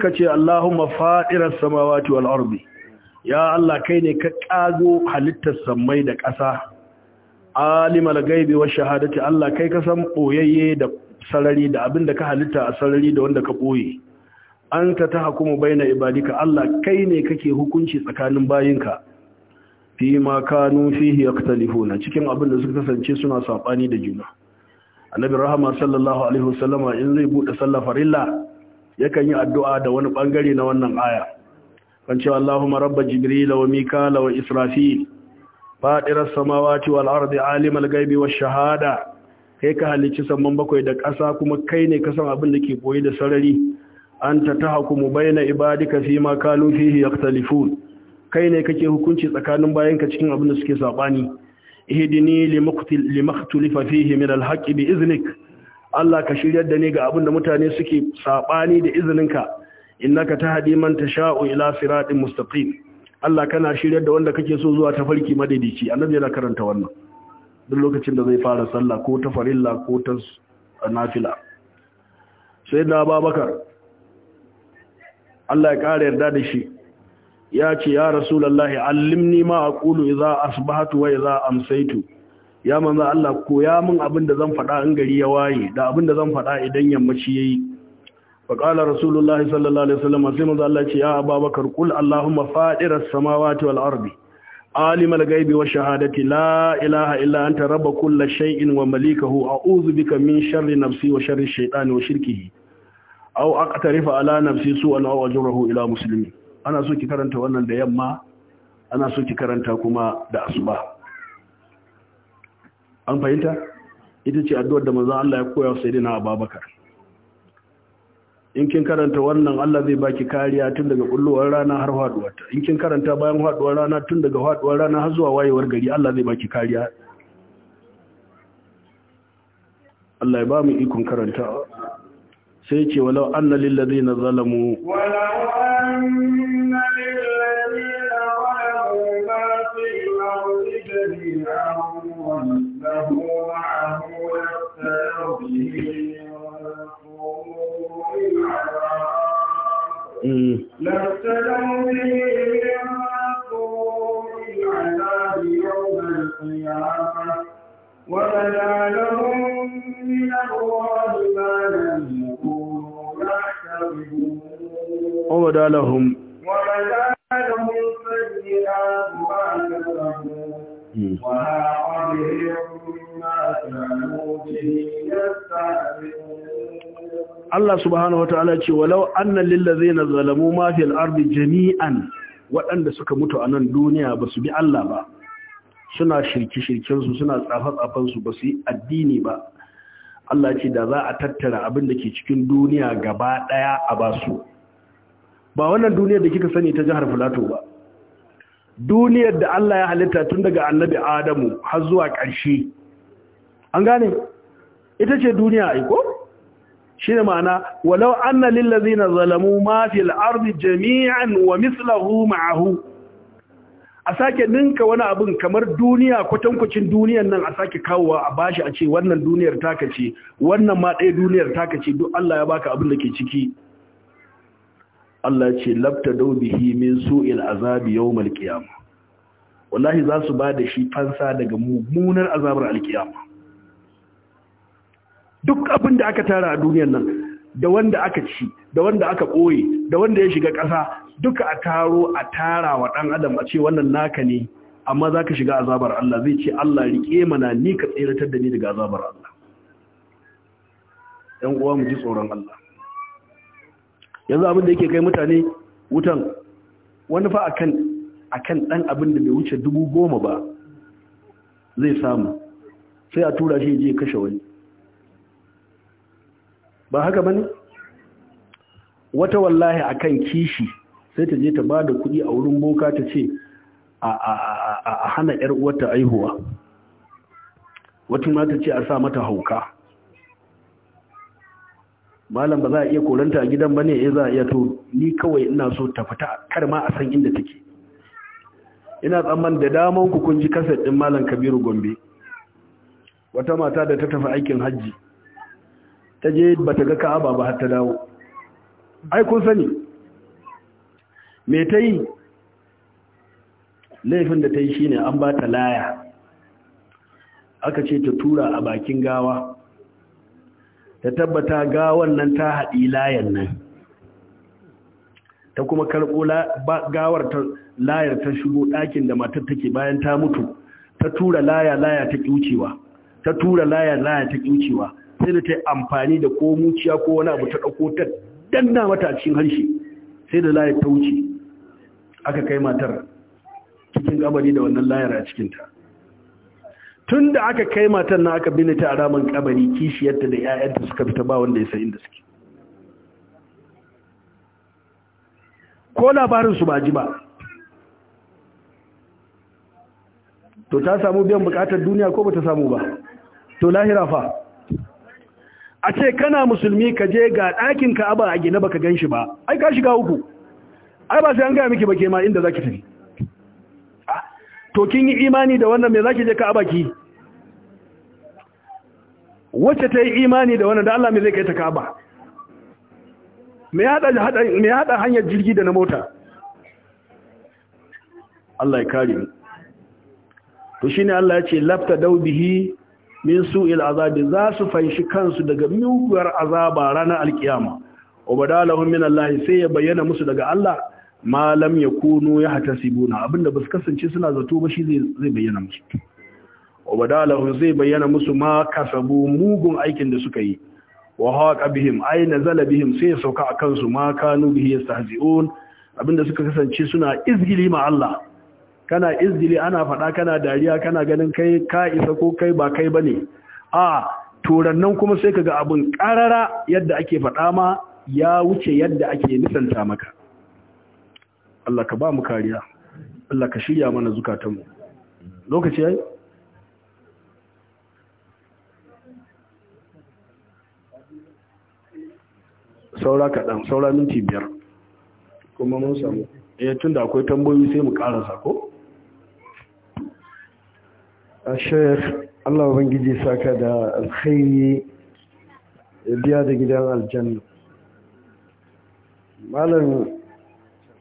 ka ce Allahumma faɗirar samawati wal ya Allah kai ne ka ƙago halittar samai da ƙasa alimal gaibi wa shahadati Allah kai ka san boyayye da sarari da abin da ka halitta a sarari da wanda ka ɓoye! boye anta tahkumu baina ibadika Allah kai ne kake hukunci tsakanin bayinka fi ma ya fihi yaktalifuna cikin abin da suka kasance suna saɓani da juna annabi rahama sallallahu alaihi wasallama in zai buɗe sallah farilla yakan yi addu'a da wani bangare na wannan aya kan cewa Allahumma rabba jibril wa mikal wa israfil fadiras samawati wal ardi alimal ghaibi wash shahada kai ka halicci samman bakwai da ƙasa kuma kai ne ka san abin da ke koyi da sarari an ta tahkumu baina ibadika fi ma kalu fihi yaktalifun kai ne kake hukunci tsakanin bayanka cikin abin da suke saɓani ihdini limaktilifa fihi min alhaqqi bi iznik Allah ka shiryar da ni ga abin da mutane suke saɓani da izininka innaka tahdi man tasha'u ila siratin mustaqim Allah kana shiryar da wanda kake so zuwa tafarki madaidaici annabi yana karanta wannan duk lokacin da zai fara sallah ko ta farilla ko ta nafila sai da babakar Allah ya ƙara yarda da shi ya ce ya rasulullahi allimni ma aqulu idza asbahtu wa idza amsaytu ya manza Allah koya min abin da zan faɗa in gari ya waye da abin da zan faɗa idan yammaci yayi fa qala rasulullahi sallallahu alaihi wasallam sai manzo Allah ce ya ababakar kul allahumma fadira samawati wal ardi alim al-ghaibi wa shahadati la ilaha illa anta rabb kulli shay'in wa malikahu a'udhu bika min sharri nafsi wa sharri shaytani wa shirkihi aw aqtarifa ala nafsi su'an aw ajruhu ila muslimin ana so ki karanta wannan da yamma ana so ki karanta kuma da asuba an fahimta ita ce addu'ar da manzon Allah ya koya wa a Abubakar in kin karanta wannan Allah zai baki kariya tun daga kulluwar rana har haduwar ta in kin karanta bayan haduwar rana tun daga haduwar rana har zuwa wayewar gari Allah zai baki kariya Allah ya ba mu ikon karanta sai ce walau annalil ladina zalamu walau وبدا لهم Allah subhanahu wataala ce walau annal lil ladzina zalamu ma fil ardi jami'an waɗanda suka mutu a nan duniya ba su bi Allah ba suna shirke-shirkensu suna tsafa-tsafansu ba su yi addini ba Allah ce da za a tattara abin da ke cikin duniya gaba ɗaya a basu ba wannan duniyar da kika sani ta jihar filato ba duniyar da Allah ya halitta tun daga annabi adamu har zuwa ƙarshe an gane ita ce duniya aiko shi ne ma'ana walau anna lillazina zalamu ma fil jami'an wa mislahu ma'ahu a sake ninka wani abin kamar duniya kwatankwacin duniyar nan a sake kawowa a bashi a ce wannan duniyar taka ce wannan ma ɗaya duniyar taka ce duk Allah ya baka abin da ke ciki Allah ce labta bihi min su'il azabi yawmal qiyamah wallahi za su ba da shi fansa daga mummunar azabar alkiyama duk abin da aka tara a duniyar nan da wanda aka ci da wanda aka ƙoye, da wanda ya shiga ƙasa duka a taro a tara wa ɗan adam a ce wannan naka ne amma za ka shiga azabar Allah zai ce Allah riƙe mana ni ka tseratar da ni daga azabar Allah ‘yan uwa mu ji tsoron Allah yanzu abin da yake kai mutane wutan wani fa akan ɗan abin da bai wuce dubu goma ba zai samu sai a tura shi je kashe wani ba haka ba ne wata wallahi akan kishi sai ta je ta ba da kuɗi a wurin boka ta ce a hana 'yar uwarta aihuwa wata mata ce a sa mata hauka malam ba za a iya koranta a gidan ba ne ya eh, za a iya to ni kawai ina so ta fita kar ma a san inda take ina tsamman da daman ku kun ji kaset ɗin malam kabiru gombe wata mata da ta tafi aikin hajji ta je ba ta ga ka'aba ba har ta dawo ai kun sani me ta yi laifin da ta yi shi ne an ba ta laya aka ce ta tura a bakin gawa ta tabbata gawan nan ta haɗi layan nan ta kuma karɓo gawar ta layar ta shigo ɗakin da matar take bayan ta mutu ta tura laya laya ta ƙiucewa ta tura laya laya ta ƙiucewa sai da ta amfani da ko muciya ko wani abu ta ɗauko ta danna mata a cikin harshe sai da layar ta wuce aka kai matar cikin kabari da wannan layar a cikinta tun da aka kai matar na aka bini ta a ramin kabari kishiyarta da 'ya'yanta suka fita ba wanda ya sai inda suke ko labarinsu ba ji ba to ta samu biyan bukatar duniya ko ba ta samu ba to lahira fa a ce kana musulmi ka je ga ɗakin ka'aba a gina baka gan shi ba ai ka shiga uku ai ba sai an gaya miki ba ke ma inda zaki tafi to kin yi imani da wannan me zaki je ka abaki wacce ta yi imani da wannan da Allah me zai kai ta kaba me ya hada me ya hada hanyar jirgi da na mota Allah ya kare mu to shine Allah ya ce lafta daubihi min su'il azabi za su fanshi kansu daga mugwar azaba ranar alkiyama ubadalahum min Allah sai ya bayyana musu daga Allah Malam ya kuno ya hata sibuna abinda su kasance suna zato ba shi zai bayyana musu wa hu zai bayyana musu ma kasabu mugun aikin da suka yi wa haqa bihim ay nazala bihim sai sauka akan su ma kanu bihi yastahzi'un abinda suka kasance suna izgili ma Allah kana izgili ana faɗa kana dariya kana ganin kai ka isa ko kai ba kai bane a turannan kuma sai kaga abun karara yadda ake faɗa ma ya wuce yadda ake nisanta maka Allah ka ba mu kariya Allah ka shirya mana zukatanmu lokaci yayi saura kaɗan saura minti biyar kuma mun samu ya eh, tun da akwai tambayoyi sai mu ƙarasa ko? a shayar allah bangiji saka da alkhairi biya da gidan aljanna malam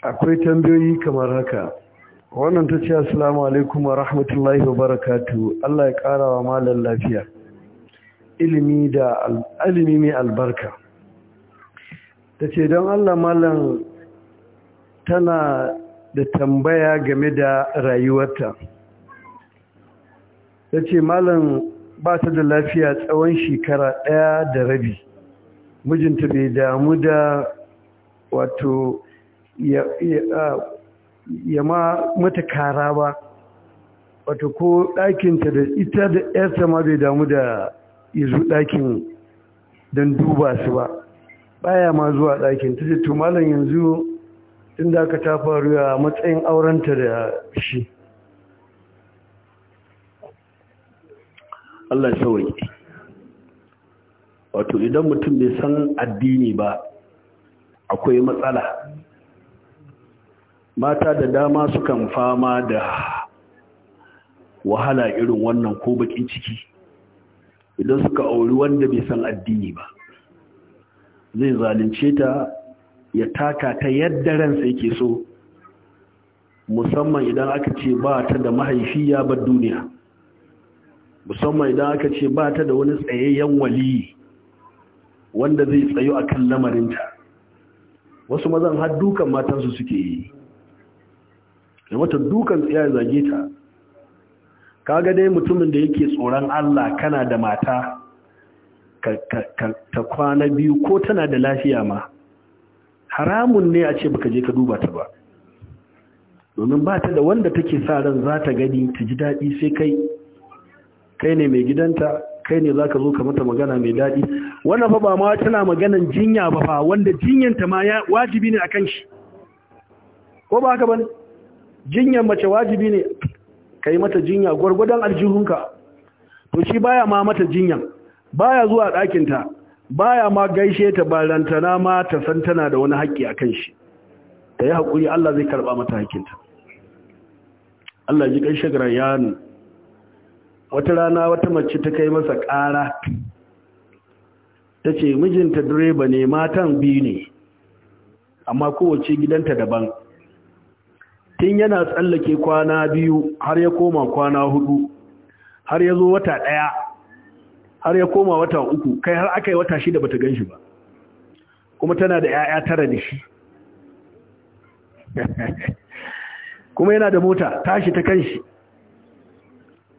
akwai tambayoyi kamar haka wannan ta ce asalamu alaikum wa rahmatullahi wa barakatu Allah ya ƙara wa malar lafiya ilimi mai albarka ta ce don Allah malar tana da tambaya game da rayuwarta ta ce malar ba ta da lafiya tsawon shekara ɗaya da rabi mijinta bai damu da wato ya ma mata kara ba wato ko ɗakinta da ita da 'yarta ma bai damu da ya ɗakin don duba su ba baya ma zuwa ɗakin ta to malam yanzu tun da aka ta faru a matsayin aurenta da shi Allah sauyi wato idan mutum bai san addini ba akwai matsala mata da dama sukan fama da wahala irin wannan ko bakin ciki idan suka auri wanda bai san addini ba zai zalunce ta ya taka ta yadda ransa yake so musamman idan aka ce ba ta da mahaifi ya duniya musamman idan aka ce ba ta da wani tsayayyen wali wanda zai tsayo a kan lamarinta wasu mazan har dukan matansu suke yi Da mata dukan tsaya zage ta kaga dai mutumin da yake tsoron Allah kana da mata ta kwana biyu ko tana da lafiya ma haramun ne a ce baka je ka duba ta ba domin ba ta da wanda take sa ran za ta gani ta ji daɗi sai kai kai ne mai gidanta kai ne za ka zo ka mata magana mai daɗi wannan fa ba ma tana maganan jinya ba fa wanda jinyanta ma ya wajibi ne a kan shi ko ba haka ba jinyar mace wajibi ne ka yi mata jinya gwargwadon aljihunka to shi baya ma mata jinya baya zuwa ɗakinta baya ma gaishe ta barantana ma ta san tana da wani haƙƙi a kan shi ta yi haƙuri Allah zai karɓa mata haƙƙinta Allah ji gaishe gara yanu wata rana wata mace ta kai masa ƙara ta ce mijinta direba ne matan biyu ne amma kowace gidanta daban tun yana tsallake kwana biyu har ya koma kwana hudu har ya zo wata ɗaya har ya koma wata uku kai har aka yi wata shida bata gan shi ba kuma tana da 'ya'ya tara da shi <laughs> kuma yana da mota tashi ta shi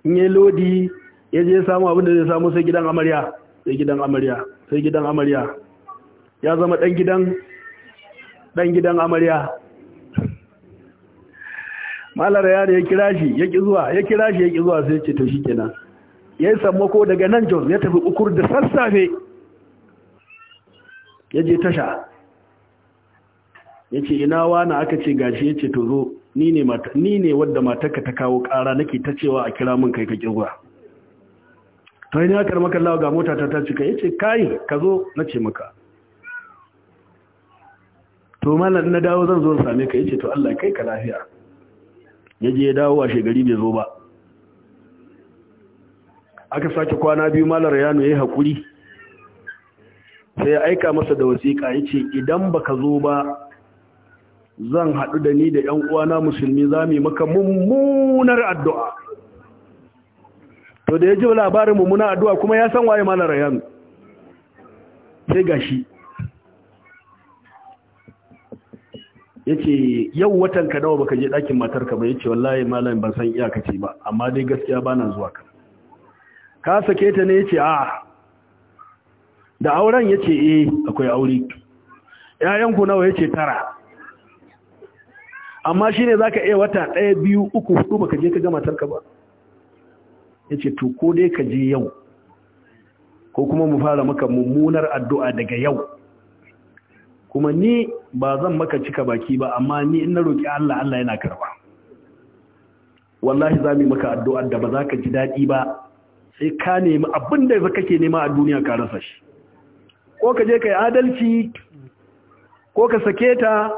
in yi lodi ya je samu abin da zai samu sai gidan amarya sai gidan amarya sai gidan amarya ya zama dan gidan dan gidan amarya malar yare ya kira shi ya ki zuwa ya kira shi ya ki zuwa sai ce to shikenan yayi sammako daga nan Jos ya tafi ukur da sassafe ya je tasha Ya ce ina na aka ce gashi ya ce to zo ni ne wadda ni ne wanda matarka ta kawo ƙara nake ta cewa a kira min kai ka zuwa. to ina ya maka lawa ga mota ta ta cika ce kai ka zo ce maka to mallan na dawo zan zo same ka ce to Allah kai ka lafiya ya je ya dawo a shegari bai zo ba aka sake kwana biyu malar yano ya yi haƙuri sai ya aika masa da wasiƙa ya ce idan baka zo ba zan haɗu da ni da 'yan uwana musulmi za mu yi maka mummunar addu'a to da ya ji labarin mummunar addu'a kuma ya san waye malar yano sai gashi yace yau watan ka nawa baka je ɗakin matarka ba yace wallahi malam ban san iyakaci ba amma dai gaskiya bana zuwa ka ka sake ta ne yace a da auren yace eh akwai aure yayan ku nawa yace tara amma shine zaka iya wata ɗaya biyu uku hudu baka je ka ga matarka ba yace to ko dai ka je yau ko kuma mu fara maka mummunar addu'a daga yau kuma ni ba zan maka cika baki ba amma ni in na roƙi Allah Allah yana karba wallahi za mu maka addu'a da ba za ka ji daɗi ba sai ka nemi abin da kake nema a duniya ka rasa shi ko ka je ka yi adalci ko ka sake ta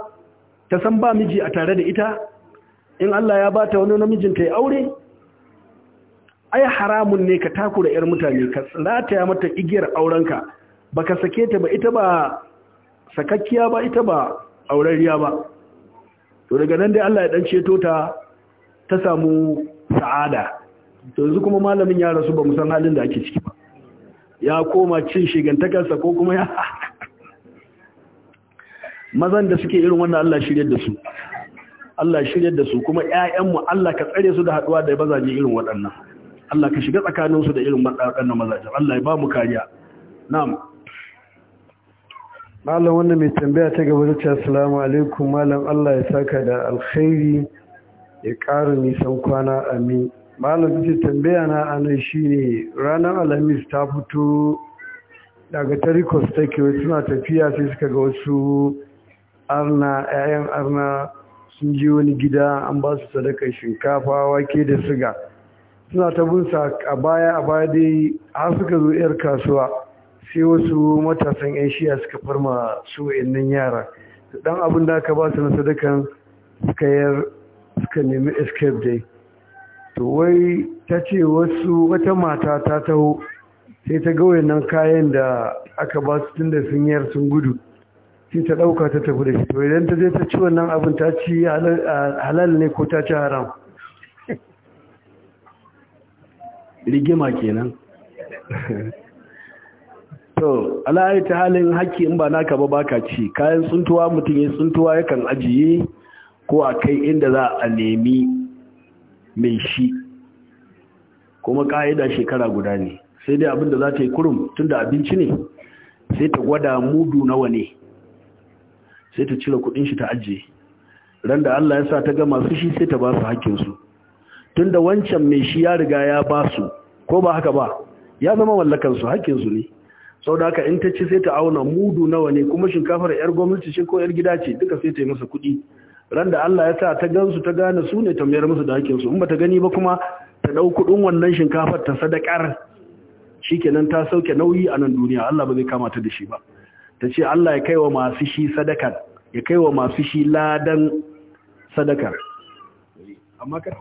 ta san ba miji a tare da ita in Allah ya bata wani namijin ta yi aure ai haramun ne ka takura 'yar mutane ka ya mata igiyar aurenka baka sake ta ba ita ba sakakkiya ba ita ba aurariya ba to daga nan dai Allah ya dan ceto ta ta samu sa'ada to yanzu kuma malamin ya rasu ba san halin da ake ciki ba ya koma cin shigantakarsa ko kuma ya <laughs> mazan da suke irin wannan Allah shiryar da su Allah shiryar da su kuma ƴaƴanmu Allah ka tsare su da haduwa da bazaje irin waɗannan Allah ka shiga tsakaninsu da irin waɗannan mazajen Allah ya ba mu kariya na'am malam wannan mai tambaya ta gaba da cewa assalamu alaikum malam Allah ya saka da alkhairi ya ƙara nisan kwana amin malam ce tambaya na anan shine ranar alhamis ta fito daga tarikos take suna tafiya sai suka ga wasu arna 'ya'yan arna sun ji wani gida an ba su sadakar shinkafa wake da suga. suna ta bunsa a baya a baya dai har suka zo 'yar kasuwa sai wasu matasan 'yan shiya suka farma su nan yara dan abin da aka ba su na sadakan suka yar suka nemi escape dai to wai ta ce wasu wata mata ta taho sai ta ga wayannan kayan da aka ba su tun da sun yar sun gudu sai ta ɗauka ta tafi da shi to idan ta je ta ci wannan abin ta ci halal ne ko ta ci haram rigima kenan <laughs> to ala'ayi ta halin haƙƙi in ba naka ba baka ci kayan tsuntuwa mutum ya tsuntuwa yakan ajiye ko a kai inda za a nemi mai shi kuma ƙa'ida shekara guda ne sai dai abinda za ta yi kurum tun da abinci ne sai ta gwada mudu nawa ne sai ta cire kudin shi ta ajiye ran da Allah ya sa ta ga masu shi sai ta ba su hakkin su tunda wancan mai shi ya riga ya ba su ko ba haka ba ya zama mallakan su hakkin su ne sau da haka in ta ci sai ta auna mudu nawa ne kuma shinkafar yar gwamnati ce ko yar gida ce duka sai ta yi masa kuɗi ran da Allah ya sa ta gansu ta gane su ne ta mayar musu da hakinsu in ba ta gani ba kuma ta ɗau kuɗin wannan shinkafar ta sadakar shi kenan ta sauke nauyi a nan duniya Allah ba zai kama da shi ba ta ce Allah ya kai wa masu shi sadakar ya kai wa masu shi ladan sadakar amma ka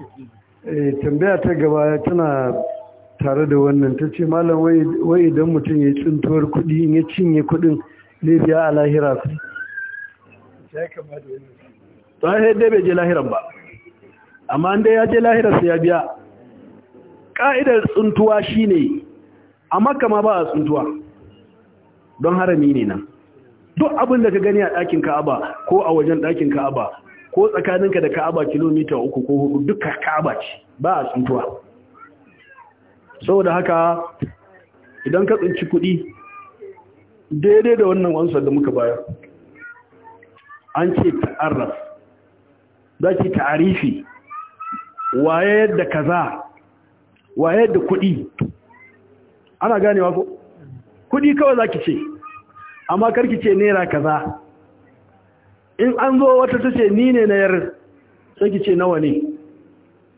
eh, tambaya ta gaba tana tare da wannan ta ce malam wai idan mutum ya tsintuwar kudi in ya cinye kudin zai a lahira ku ta yi bai je lahiran ba amma an ya je lahirar su ya biya ƙa'idar tsintuwa shine, ne a makama ba a tsintuwa don harami ne nan duk abin da ka gani a ɗakin ka'aba ko a wajen ɗakin ka'aba ko tsakaninka da ka'aba kilomita uku ko hudu duka ka'aba ce ba a tsintuwa saboda haka idan ka tsinci kuɗi daidai da wannan wansar da muka bayar an ce ta'arraf za ki ta'arifi waye da kaza waye da kuɗi ana ganewa ko kuɗi kawai za ki ce amma karki ce naira kaza in an zo wata ta ce ni ne na yar sai ki ce nawa ne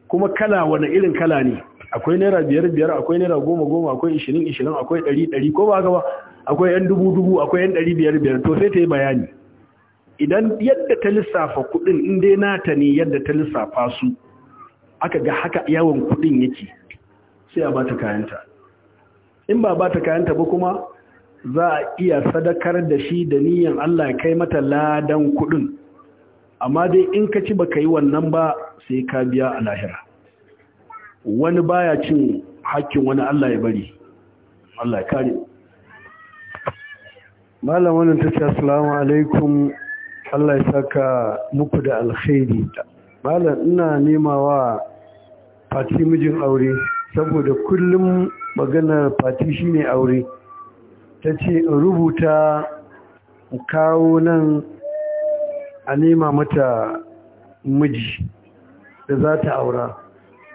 kuma kala wani irin kala ne akwai naira biyar biyar akwai naira goma goma akwai ishirin ishirin akwai ɗari ɗari ko ba gaba, akwai yan dubu dubu akwai yan ɗari biyar biyar to sai ta yi bayani idan yadda ta lissafa kuɗin in dai nata ne yadda ta lissafa su aka ga haka yawan kuɗin yake sai a bata kayanta in ba bata kayanta ba kuma za a iya sadakar da shi da niyan Allah ya kai mata ladan kuɗin amma dai in ka ci baka yi wannan ba sai ka biya a lahira wani baya cin hakkin wani Allah ya bari Allah ya kare malam wannan tace assalamu alaikum Allah ya saka muku da alkhairi malam ina nemawa fati mijin aure saboda kullum maganar fati shine aure tace rubuta kawo nan a nema mata miji da za ta aura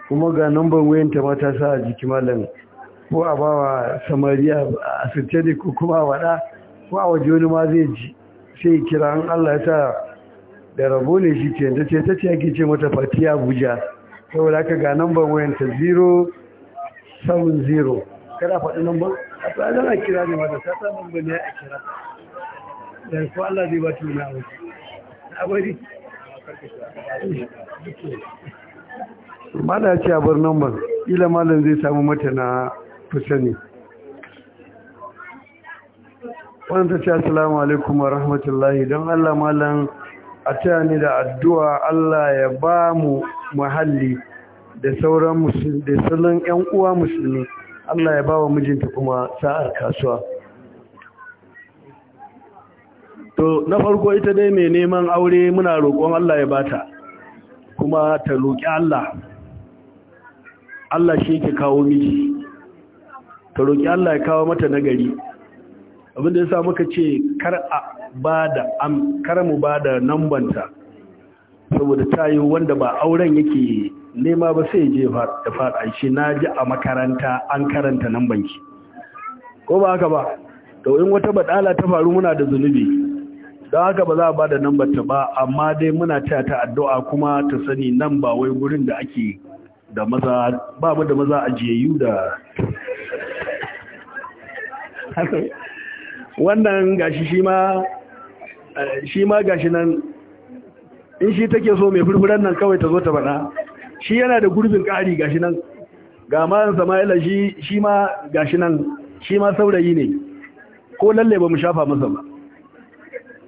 kuma ga namban wayanta ma sa a jiki malam ko a bawa samariya a sirce ne ko kuma a wada ko a waje wani ma zai ji sai kira an Allah ya sa da rabo ne shi ce da ce ta ce yake ce mata Fati abuja saboda haka ga namban wayanta 070 kada faɗi namban a tsadan a kira ne mata ta sa gani ne a kira dan ko Allah zai ba ta wani abu na abari Thank you. mala ce a bar ba ila malam zai samu mata na ne. wanda ta ce asalamu alaikum wa rahmatullahi don allah malam a taya ni da addu'a allah ya ba mu muhalli da sauran musulmi da salon 'yan uwa musulmi allah ya ba wa mijinta kuma sa'ar kasuwa to na farko ita dai mai neman aure muna roƙon allah ya bata kuma ta roƙi allah Allah shi yake kawo miji ka roƙi Allah ya kawo mata nagari abinda sa muka ce kar a da am kar mu bada nambanta saboda tayi wanda ba auren yake nema ba sai je da fada shi ji a makaranta an karanta nambanki ko ba haka ba to in wata badala ta faru muna da zunubi don haka ba za a ba da ta ba amma dai muna taya ta addu'a kuma ta sani nan ba wai gurin da ake da maza ba mu da maza ajiyayyu da wannan gashi shi ma shi ma gashi nan in shi take so mai furfuran nan kawai ta zo ta bana shi yana da gurbin ƙari gashi nan ga malam sama'ila shi shi ma gashi nan shi ma saurayi ne ko lalle ba mu shafa masa ba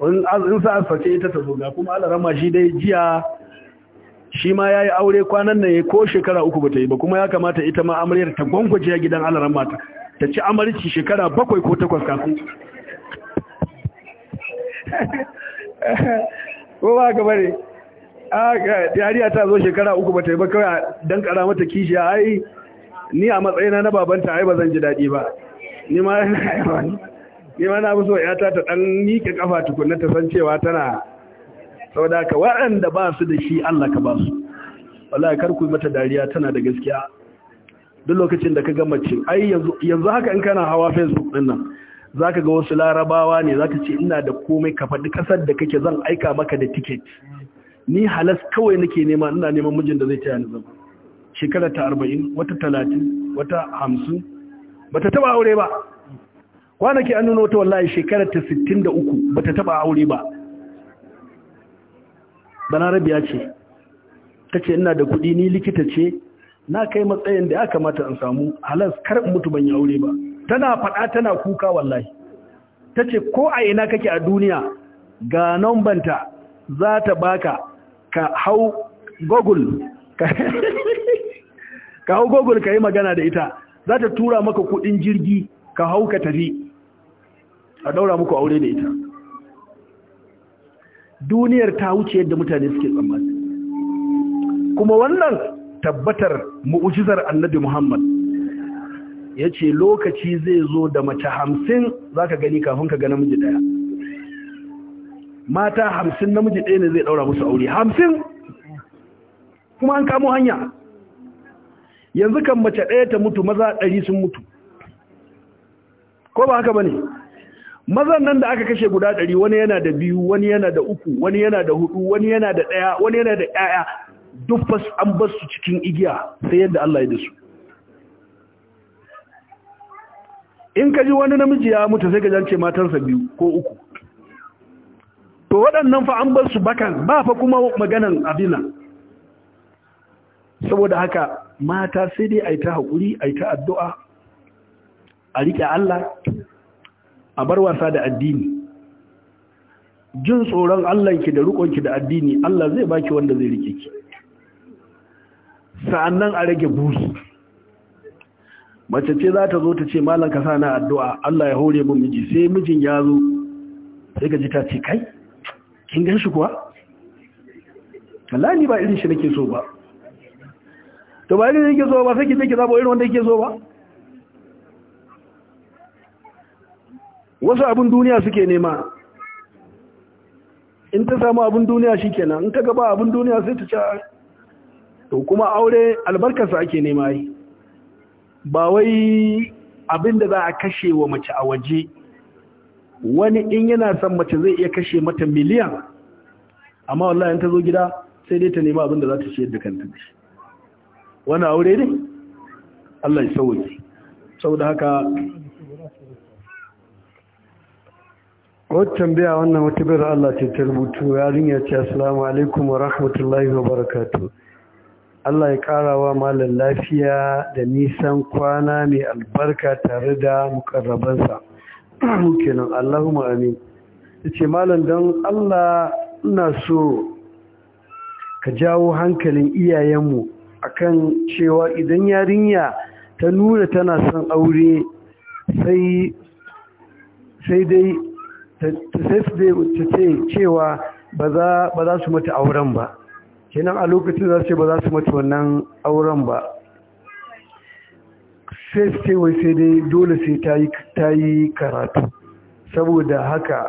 in sa asface ita ta zo ga kuma alarama shi dai jiya shi ma ya yi aure kwanan nan ya ko shekara uku bata yi ba kuma ya kamata ita ma amaryar ta gwangwaje gidan alaran mata ta ci amarci shekara bakwai ko takwas kafin ko ba ka bare yariya ta zo shekara uku bata yi ba kawai don kara mata kishi ai ni a matsayina na babanta ai ba zan ji daɗi ba ni ma <laughs> na so yata ta dan miƙe kafa tukunna ta san cewa tana saboda haka wa'anda ba su da shi Allah ka ba su wallahi kar ku mata dariya tana da gaskiya duk lokacin da ka ga mace ai yanzu yanzu haka in kana hawa Facebook din nan zaka ga wasu larabawa ne zaka ce ina da komai ka faɗi kasar da kake zan aika maka da ticket ni halas kawai nake nema ina neman mijin da zai taya ni zama shekara ta 40 wata 30 wata 50 bata taba aure ba kwanaki an nuna wata wallahi shekara ta 63 bata taba aure ba banarabiya ce ta ce ina da kuɗi ni likita ce na kai matsayin da ya kamata an samu halas kar in mutu ban yi aure ba tana faɗa tana kuka wallahi ta ce ko a ina kake a duniya ga nombanta za ta baka ka hau google <laughs> ka hau google ka yi magana da ita za ta tura maka kuɗin jirgi ka hau ka tafi a daura muku aure da ita duniyar ta wuce yadda mutane suke tsammani kuma wannan tabbatar mu'ujizar annabi Muhammad ya ce lokaci zai zo da mace hamsin za ka gani kafin ka ga namiji ɗaya mata hamsin namiji ɗaya ne zai ɗaura musu aure hamsin kuma an kamo hanya yanzu kan mace ɗaya ta mutu maza ɗari sun mutu ko ba haka ba ne mazan nan da aka kashe guda ɗari wani yana da biyu wani yana da uku wani yana da hudu wani yana da ɗaya wani yana da ƴaƴa duk fas an bar su cikin igiya sai yadda Allah ya da su in ka ji wani namiji ya mutu sai ka jance matansa biyu ko uku to waɗannan fa an bar su bakan ba fa kuma maganan abina saboda haka mata sai dai a yi ta haƙuri a yi ta addu'a a riƙe Allah a bar wasa da addini jin tsoron Allahnki da riƙonki da addini Allah zai baki wanda zai rike ki sa'annan a rage busu mace ce za ta zo ta ce malam ka sa na addu'a Allah ya hore mu miji sai mijin ya zo sai ka ji ta ce kai kin gan shi kuwa Allah ni ba irin shi nake so ba to ba irin yake so ba sai ki je ki zabo irin wanda yake so ba wasu abin duniya suke nema in ta samu abin duniya shi kenan in ta gaba abin duniya sai ta ci to kuma aure albarkarsa ake nema yi ba wai abin da za a kashe wa mace a waje wani in yana son mace zai iya kashe mata miliyan amma wallahi in ta zo gida sai dai ta nema abin da za ta ciyar da kanta wani aure ne Allah ya sauke saboda haka wata tambaya wannan wata bayar Allah ce ta rubutu yarin ya ce assalamu alaikum wa rahmatullahi wa barakatu Allah ya wa malam lafiya da nisan kwana mai albarka tare da mukarrabansa <clears throat> kenan Allahumma amin yace malam dan Allah ina so ka jawo hankalin iyayenmu akan cewa idan yarinya ta nuna tana son aure sai dai sai ce cewa ba za su mutu auren ba kenan a lokacin za su ce ba za su mutu wannan auren ba sai su ce wai sai dai dole sai ta yi karatu saboda haka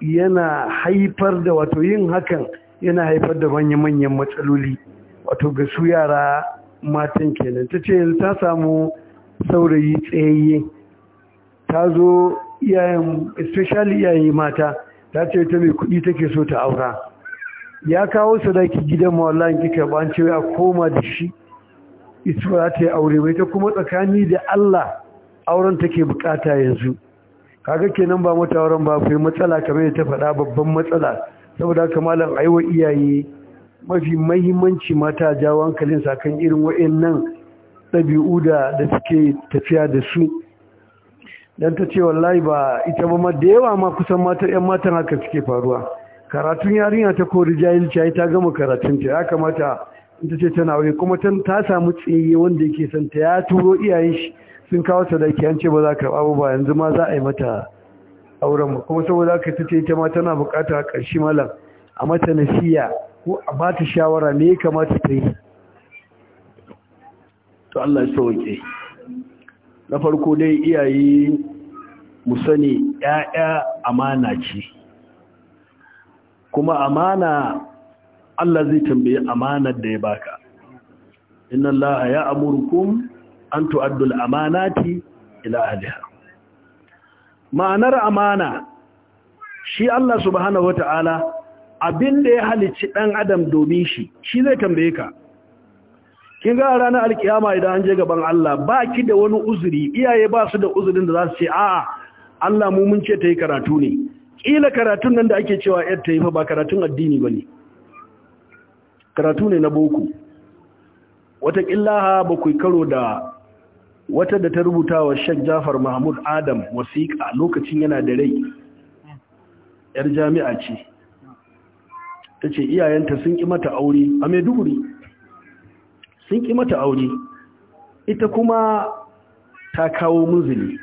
yana haifar da wato yin hakan yana haifar da manya-manyan matsaloli wato ga su yara matan kenan ta ce ta samu saurayi tsayayye ta zo iyayen especially iyaye mata ta ce ta mai kuɗi take so ta aura ya kawo sadaki gidan mawallan kika an ce a koma da shi ita ba ta yi aure mai ta kuma tsakani da Allah auren take bukata yanzu kaga kenan ba mata auren ba akwai matsala kamar ta faɗa babban matsala saboda kamalan aiwa iyaye mafi mahimmanci mata jawo hankalin sakan irin wa'annan ɗabi'u da suke tafiya da su don ta ce wallahi ba ita ba ma da yawa ma kusan mata 'yan matan haka suke faruwa karatun yarinya ta kori jahilci ai ta gama ta ya kamata in ta ce tana aure kuma ta samu tsaye wanda yake son ta ya turo iyayen shi sun kawo sadaki kiyan ce ba za ka babu ba yanzu ma za a yi mata auren ba kuma saboda ka ta ce ita ma tana bukata ƙarshe malam a mata nasiya ko a ba ta shawara me ya kamata ta yi to Allah ya sauke na farko dai iyaye mu sani ‘ya'ya amana ce kuma amana Allah zai tambayi amanar da ya baka inna Allah ya amurkum an tu'addul amanati ila ahliha ma'anar amana shi Allah subhanahu wata'ala abin da ya halicci ɗan adam domin shi shi zai tambaye ka kin ga ranar alkiyama idan an je gaban Allah ba ki da wani uzuri iyaye ba su da uzurin da za su ce a'a Allah mu mun ce ta yi karatu ne kila karatun nan da ake cewa yar ta yi fa ba karatun addini ba karatu ne na boko wata killaha ba ku karo da wata da ta rubuta wa Sheikh Jafar Mahmud Adam wasiƙa lokacin yana da rai yar jami'a ce tace iyayenta sun ki mata aure a Maiduguri sun ƙi mata aure ita kuma ta kawo muzuli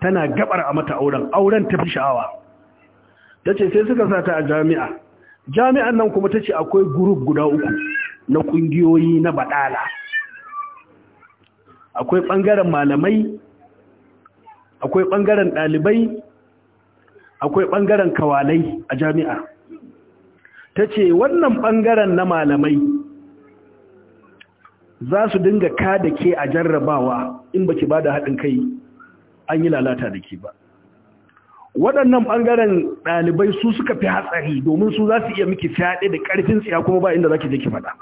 tana gabar a mata auren auren ta fi sha'awa ta ce sai suka sata a jami'a jami'an nan kuma ta ce akwai gurub guda uku na kungiyoyi na badala akwai bangaren malamai akwai bangaren dalibai akwai bangaren kawalai a jami'a ta ce wannan bangaren na malamai za su dinga ka da ke a jarrabawa in ba baki ba da haɗin kai an yi lalata da ke ba waɗannan ɓangaren ɗalibai su suka fi hatsari domin su za su iya miki fyaɗe da ƙarfin tsiya kuma ba inda za ki je ki faɗa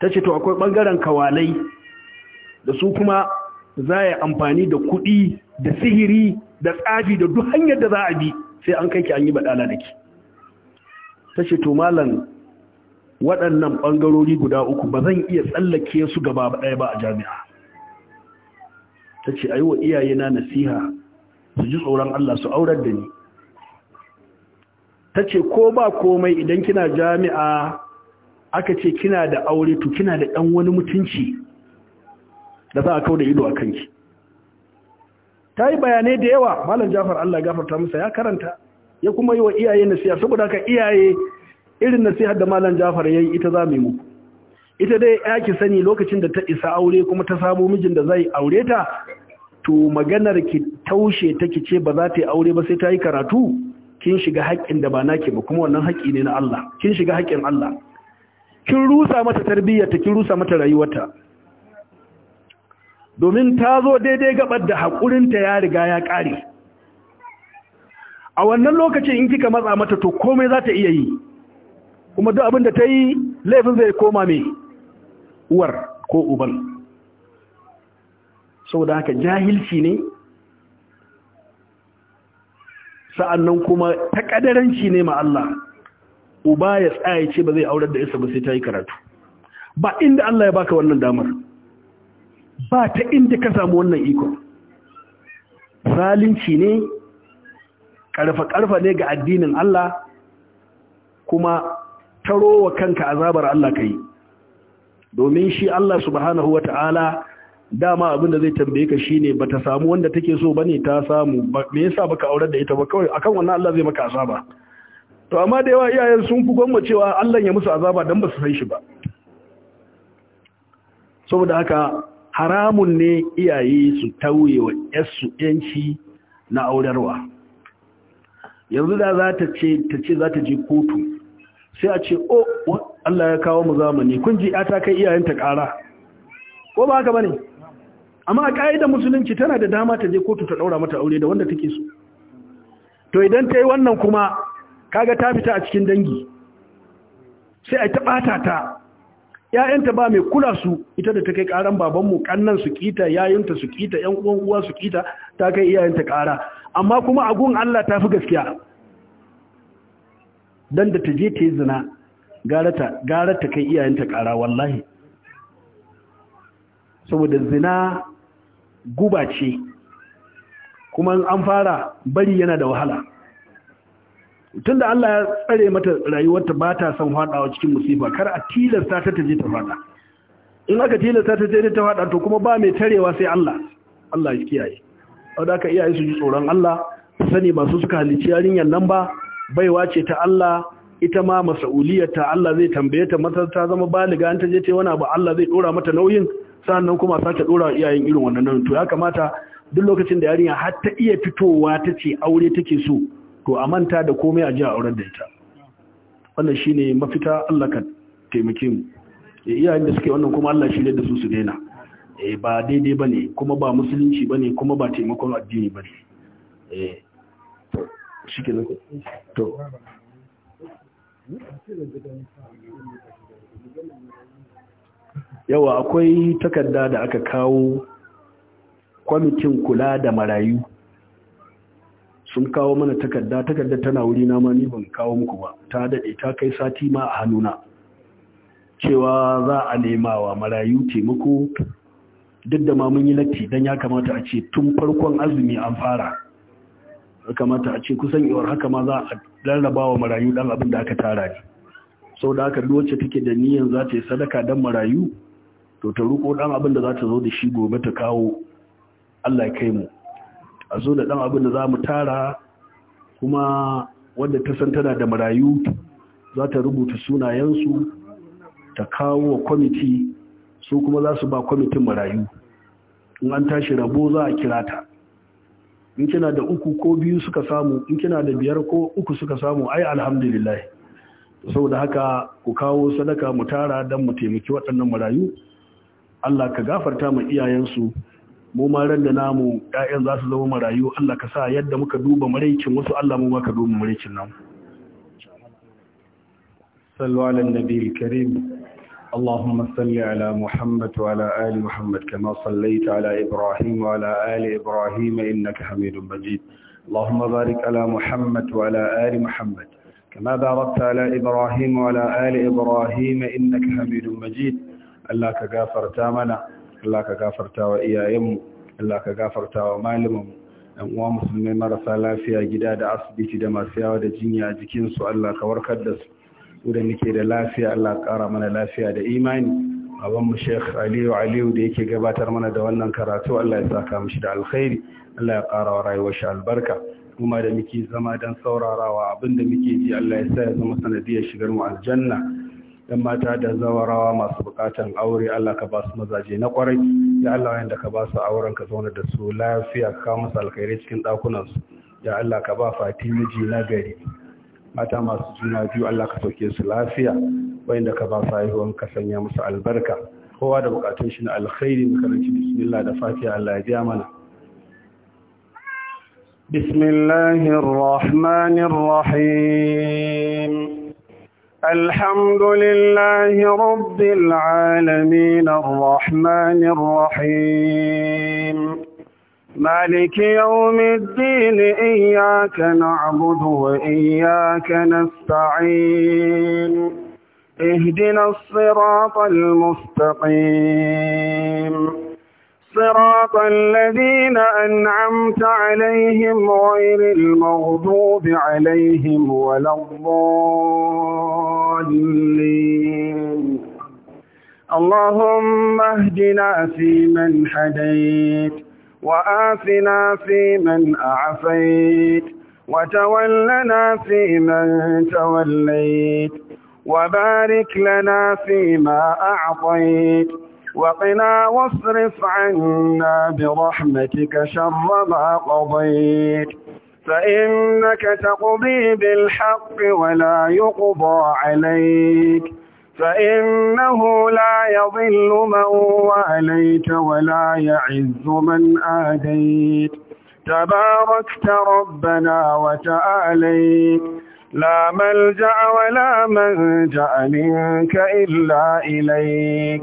ta ce to akwai ɓangaren kawalai da su kuma za a yi amfani da kuɗi da sihiri da tsafi da duk hanyar da za a bi sai an kai ki an yi baɗala da ki ta ce to malam waɗannan ɓangarori guda uku ba zan iya tsallake su gaba ɗaya ba a jami'a ta ce a yi wa iyayena nasiha su ji tsoron Allah su aurar da ni ta ce ko ba komai idan kina jami'a aka ce kina da aure to kina da ɗan wani mutunci da za a kau da ido a kanki ta yi bayanai da yawa malam jafar Allah gafarta masa ya karanta ya kuma yi wa iyaye nasiha saboda haka iyaye irin nasihar da malam Jafar yayi ita za mu muku ita dai ya ki sani lokacin da ta isa aure kuma ta samu mijin da zai aure ta to maganar ki taushe ta ki ce ba za ta yi aure ba sai ta yi karatu kin shiga haƙƙin da ba naki ba kuma wannan haƙƙi ne na Allah kin shiga haƙƙin Allah kin rusa mata ta kin rusa mata rayuwarta domin ta zo daidai gabar da ta ya riga ya ƙare a wannan lokacin in kika matsa mata to komai za ta iya yi kuma duk abin da ta yi laifin zai koma mai uwar ko uban da haka jahilci ne sa'annan kuma ta ƙadaranci ne ma uba ya tsaye ce ba zai aurar da isa ba sai ta yi karatu ba inda Allah ya baka wannan damar ba ta inda ka samu wannan iko zalunci ne ƙarfa-ƙarfa ne ga addinin Allah kuma taro wa kanka azabar Allah ka yi domin shi Allah subhanahu wa ta'ala dama abin da zai tambaye ka shi shine bata samu wanda take so bane ta samu me yasa baka aurar da ita ba kawai akan wannan Allah zai maka azaba to amma da yawa iyayen sun fi gwamma cewa Allah ya musu azaba dan ba su san shi ba saboda haka haramun ne iyaye su tauye wa yarsu yanci na aurarwa yanzu da za ta ta ce za ta je kotu sai a ce o oh, Allah ya kawo mu zamani kun ji ta kai iyayenta ƙara ko ba haka bane amma a ƙa'idar musulunci tana da dama ta je kotu ta ɗaura mata aure da wanda take so to idan ta yi wannan kuma kaga ta fita a cikin dangi sai a taɓata ta ‘ya'yanta ba mai kula su ita da ta kai ƙaran babanmu ƙannan su kita yayinta su kita ‘yan uwan uwa su kita ta kai iyayenta ƙara amma kuma a gun Allah ta fi gaskiya don da ta je ta yi zina gara ta kai iyayenta kara wallahi saboda zina guba ce kuma an fara bari yana da wahala tun da Allah ya tsare mata rayuwarta ba ta son faɗawa cikin musifa kar a tilasta ta taje ta faɗa in aka tilasta ta taje ta faɗa to kuma ba mai tarewa sai Allah Allah ya kiyaye wadda aka iyaye su ji tsoron Allah sani ba su suka halicci yarinyar nan ba baiwa ce ta Allah ita ma mas'uliyar ta Allah zai tambaye ta matar ta zama baliga an ta je ta wani abu Allah zai dora mata nauyin sannan kuma sake dora iyayen irin wannan nan. to ya kamata duk lokacin da yarinya har ta iya fitowa ta ce aure take so to a manta da komai a ji a auren da ita wannan shine mafita Allah ka taimake mu eh, iyayen da suke wannan kuma Allah shi da su su daina eh, ba daidai bane kuma ba musulunci bane kuma ba taimakon addini bane eh shi yawa akwai takarda da aka kawo kwamitin kula da marayu sun kawo mana takarda takarda tana wuri na mani ban kawo muku ba ta daɗe ta kai sati ma a hannuna cewa za a nema wa marayu taimako duk da ma yi latti don ya kamata a ce tun farkon azumi an fara kamata a ce kusan iwar haka ma za a lallaba wa marayu dan abin da aka tara ne sau da haka duwace take da niyan za ta yi sadaka dan marayu to ta ruko dan abin da za ta zo da shi gobe ta kawo Allah kai mu a zo da dan abin da za mu tara kuma wadda ta san tana da marayu za ta rubuta sunayensu ta kawo wa kwamiti su kuma za su ba kwamitin marayu in an tashi rabo za a kira ta in kina da uku ko biyu suka samu in kina da biyar ko uku suka samu ai alhamdulillah saboda haka ku kawo sadaka mu tara don mu taimaki waɗannan marayu Allah ka gafarta mu iyayensu mu ma ran da namu ƴaƴan za su zama marayu Allah ka sa yadda muka duba maraicin wasu Allah mu ma ka duba maraicin namu sallu ala nabiyil karim اللهم صل على محمد وعلى آل محمد كما صليت على إبراهيم وعلى آل إبراهيم إنك حميد مجيد اللهم بارك على محمد وعلى آل محمد كما باركت على إبراهيم وعلى آل إبراهيم إنك حميد مجيد الله كغافرت منا الله كغافرت وإيائم الله كغافرت ومالمم ɗan uwa musulmai marasa lafiya gida da asibiti da masu yawa da jinya a jikinsu Allah ka warkar da su ku da muke da lafiya Allah ƙara mana lafiya da imani baban mu Sheikh Aliyu Aliyu da yake gabatar mana da wannan karatu Allah ya saka mishi da alkhairi Allah ya ƙara wa rayuwar shi albarka kuma da muke zama don saurarawa abinda muke ji Allah ya sa ya zama sanadiyar shigar mu aljanna dan mata da zawarawa masu bukatan aure Allah ka ba su mazaje na kwarai ya Allah wanda ka ba su auren ka zauna da su lafiya ka musu alkhairi cikin dakunan su ya Allah ka ba Fati miji na gari mata masu juna biyu Allah ka sauke su lafiya wayanda ka ba su ka sanya musu albarka kowa da bukatun shi na alkhairi mu karanci bismillah da fatiha Allah ya ji mana bismillahir rahmanir rahim لله رب العالمين الرحمن rahim مالك يوم الدين إياك نعبد وإياك نستعين اهدنا الصراط المستقيم صراط الذين أنعمت عليهم غير المغضوب عليهم ولا الضالين اللهم اهدنا فيمن هديت وآتنا فيمن أعفيت وتولنا فيمن توليت وبارك لنا فيما أعطيت وقنا واصرف عنا برحمتك شر ما قضيت فإنك تقضي بالحق ولا يقضى عليك فإنه لا يضل من واليت ولا يعز من آديت تباركت ربنا وتعاليت لا ملجأ ولا منجأ منك إلا إليك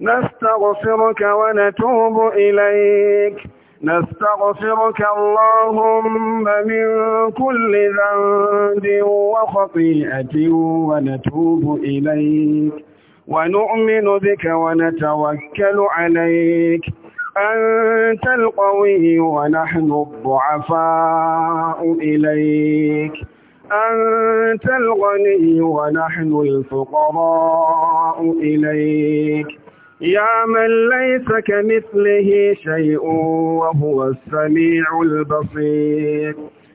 نستغفرك ونتوب إليك نستغفرك اللهم من كل ذنب وخطيئة ونتوب إليك ونؤمن بك ونتوكل عليك أنت القوي ونحن الضعفاء إليك أنت الغني ونحن الفقراء إليك يا من ليس كمثله شيء وهو السميع البصير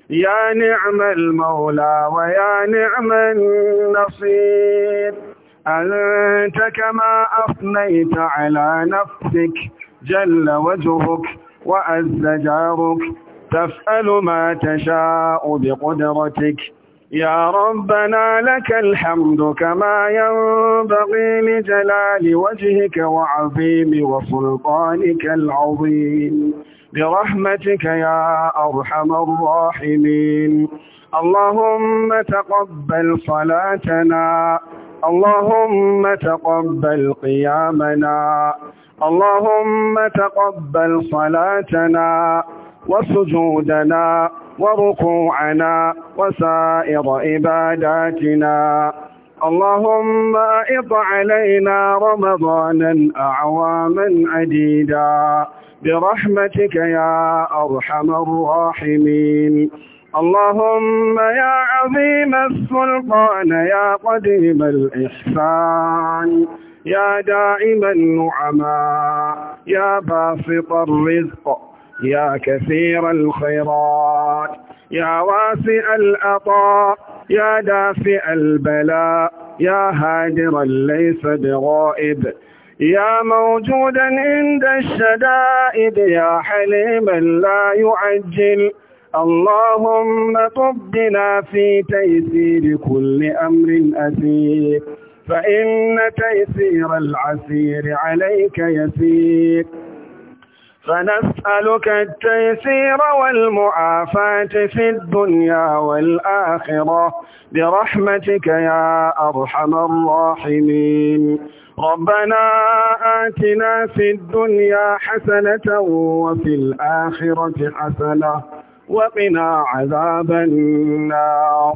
يا نعم المولى ويا نعم النصير أنت كما أثنيت على نفسك جل وجهك وأز جارك تفعل ما تشاء بقدرتك يا ربنا لك الحمد كما ينبغي لجلال وجهك وعظيم وسلطانك العظيم برحمتك يا أرحم الراحمين اللهم تقبل صلاتنا اللهم تقبل قيامنا اللهم تقبل صلاتنا وسجودنا وركوعنا وسائر عباداتنا اللهم أعط علينا رمضانا أعواما عديدا برحمتك يا أرحم الراحمين اللهم يا عظيم السلطان يا قديم الإحسان يا دائم النعماء يا باسط الرزق يا كثير الخيرات يا واسع الأطاء يا دافئ البلاء يا هادرا ليس بغائب يا موجودا عند الشدائد يا حليما لا يعجل اللهم طبنا في تيسير كل أمر أسير فإن تيسير العسير عليك يسير فنسألك التيسير والمعافاة في الدنيا والآخرة برحمتك يا أرحم الراحمين ربنا آتنا في الدنيا حسنة وفي الآخرة حسنة وقنا عذاب النار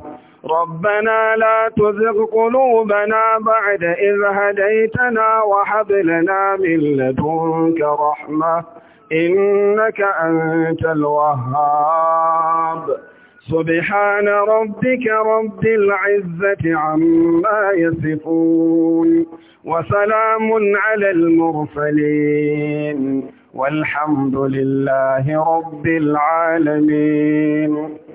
ربنا لا تزغ قلوبنا بعد إذ هديتنا وهب لنا من لدنك رحمة إنك أنت الوهاب سبحان ربك رب العزة عما يصفون وسلام على المرسلين والحمد لله رب العالمين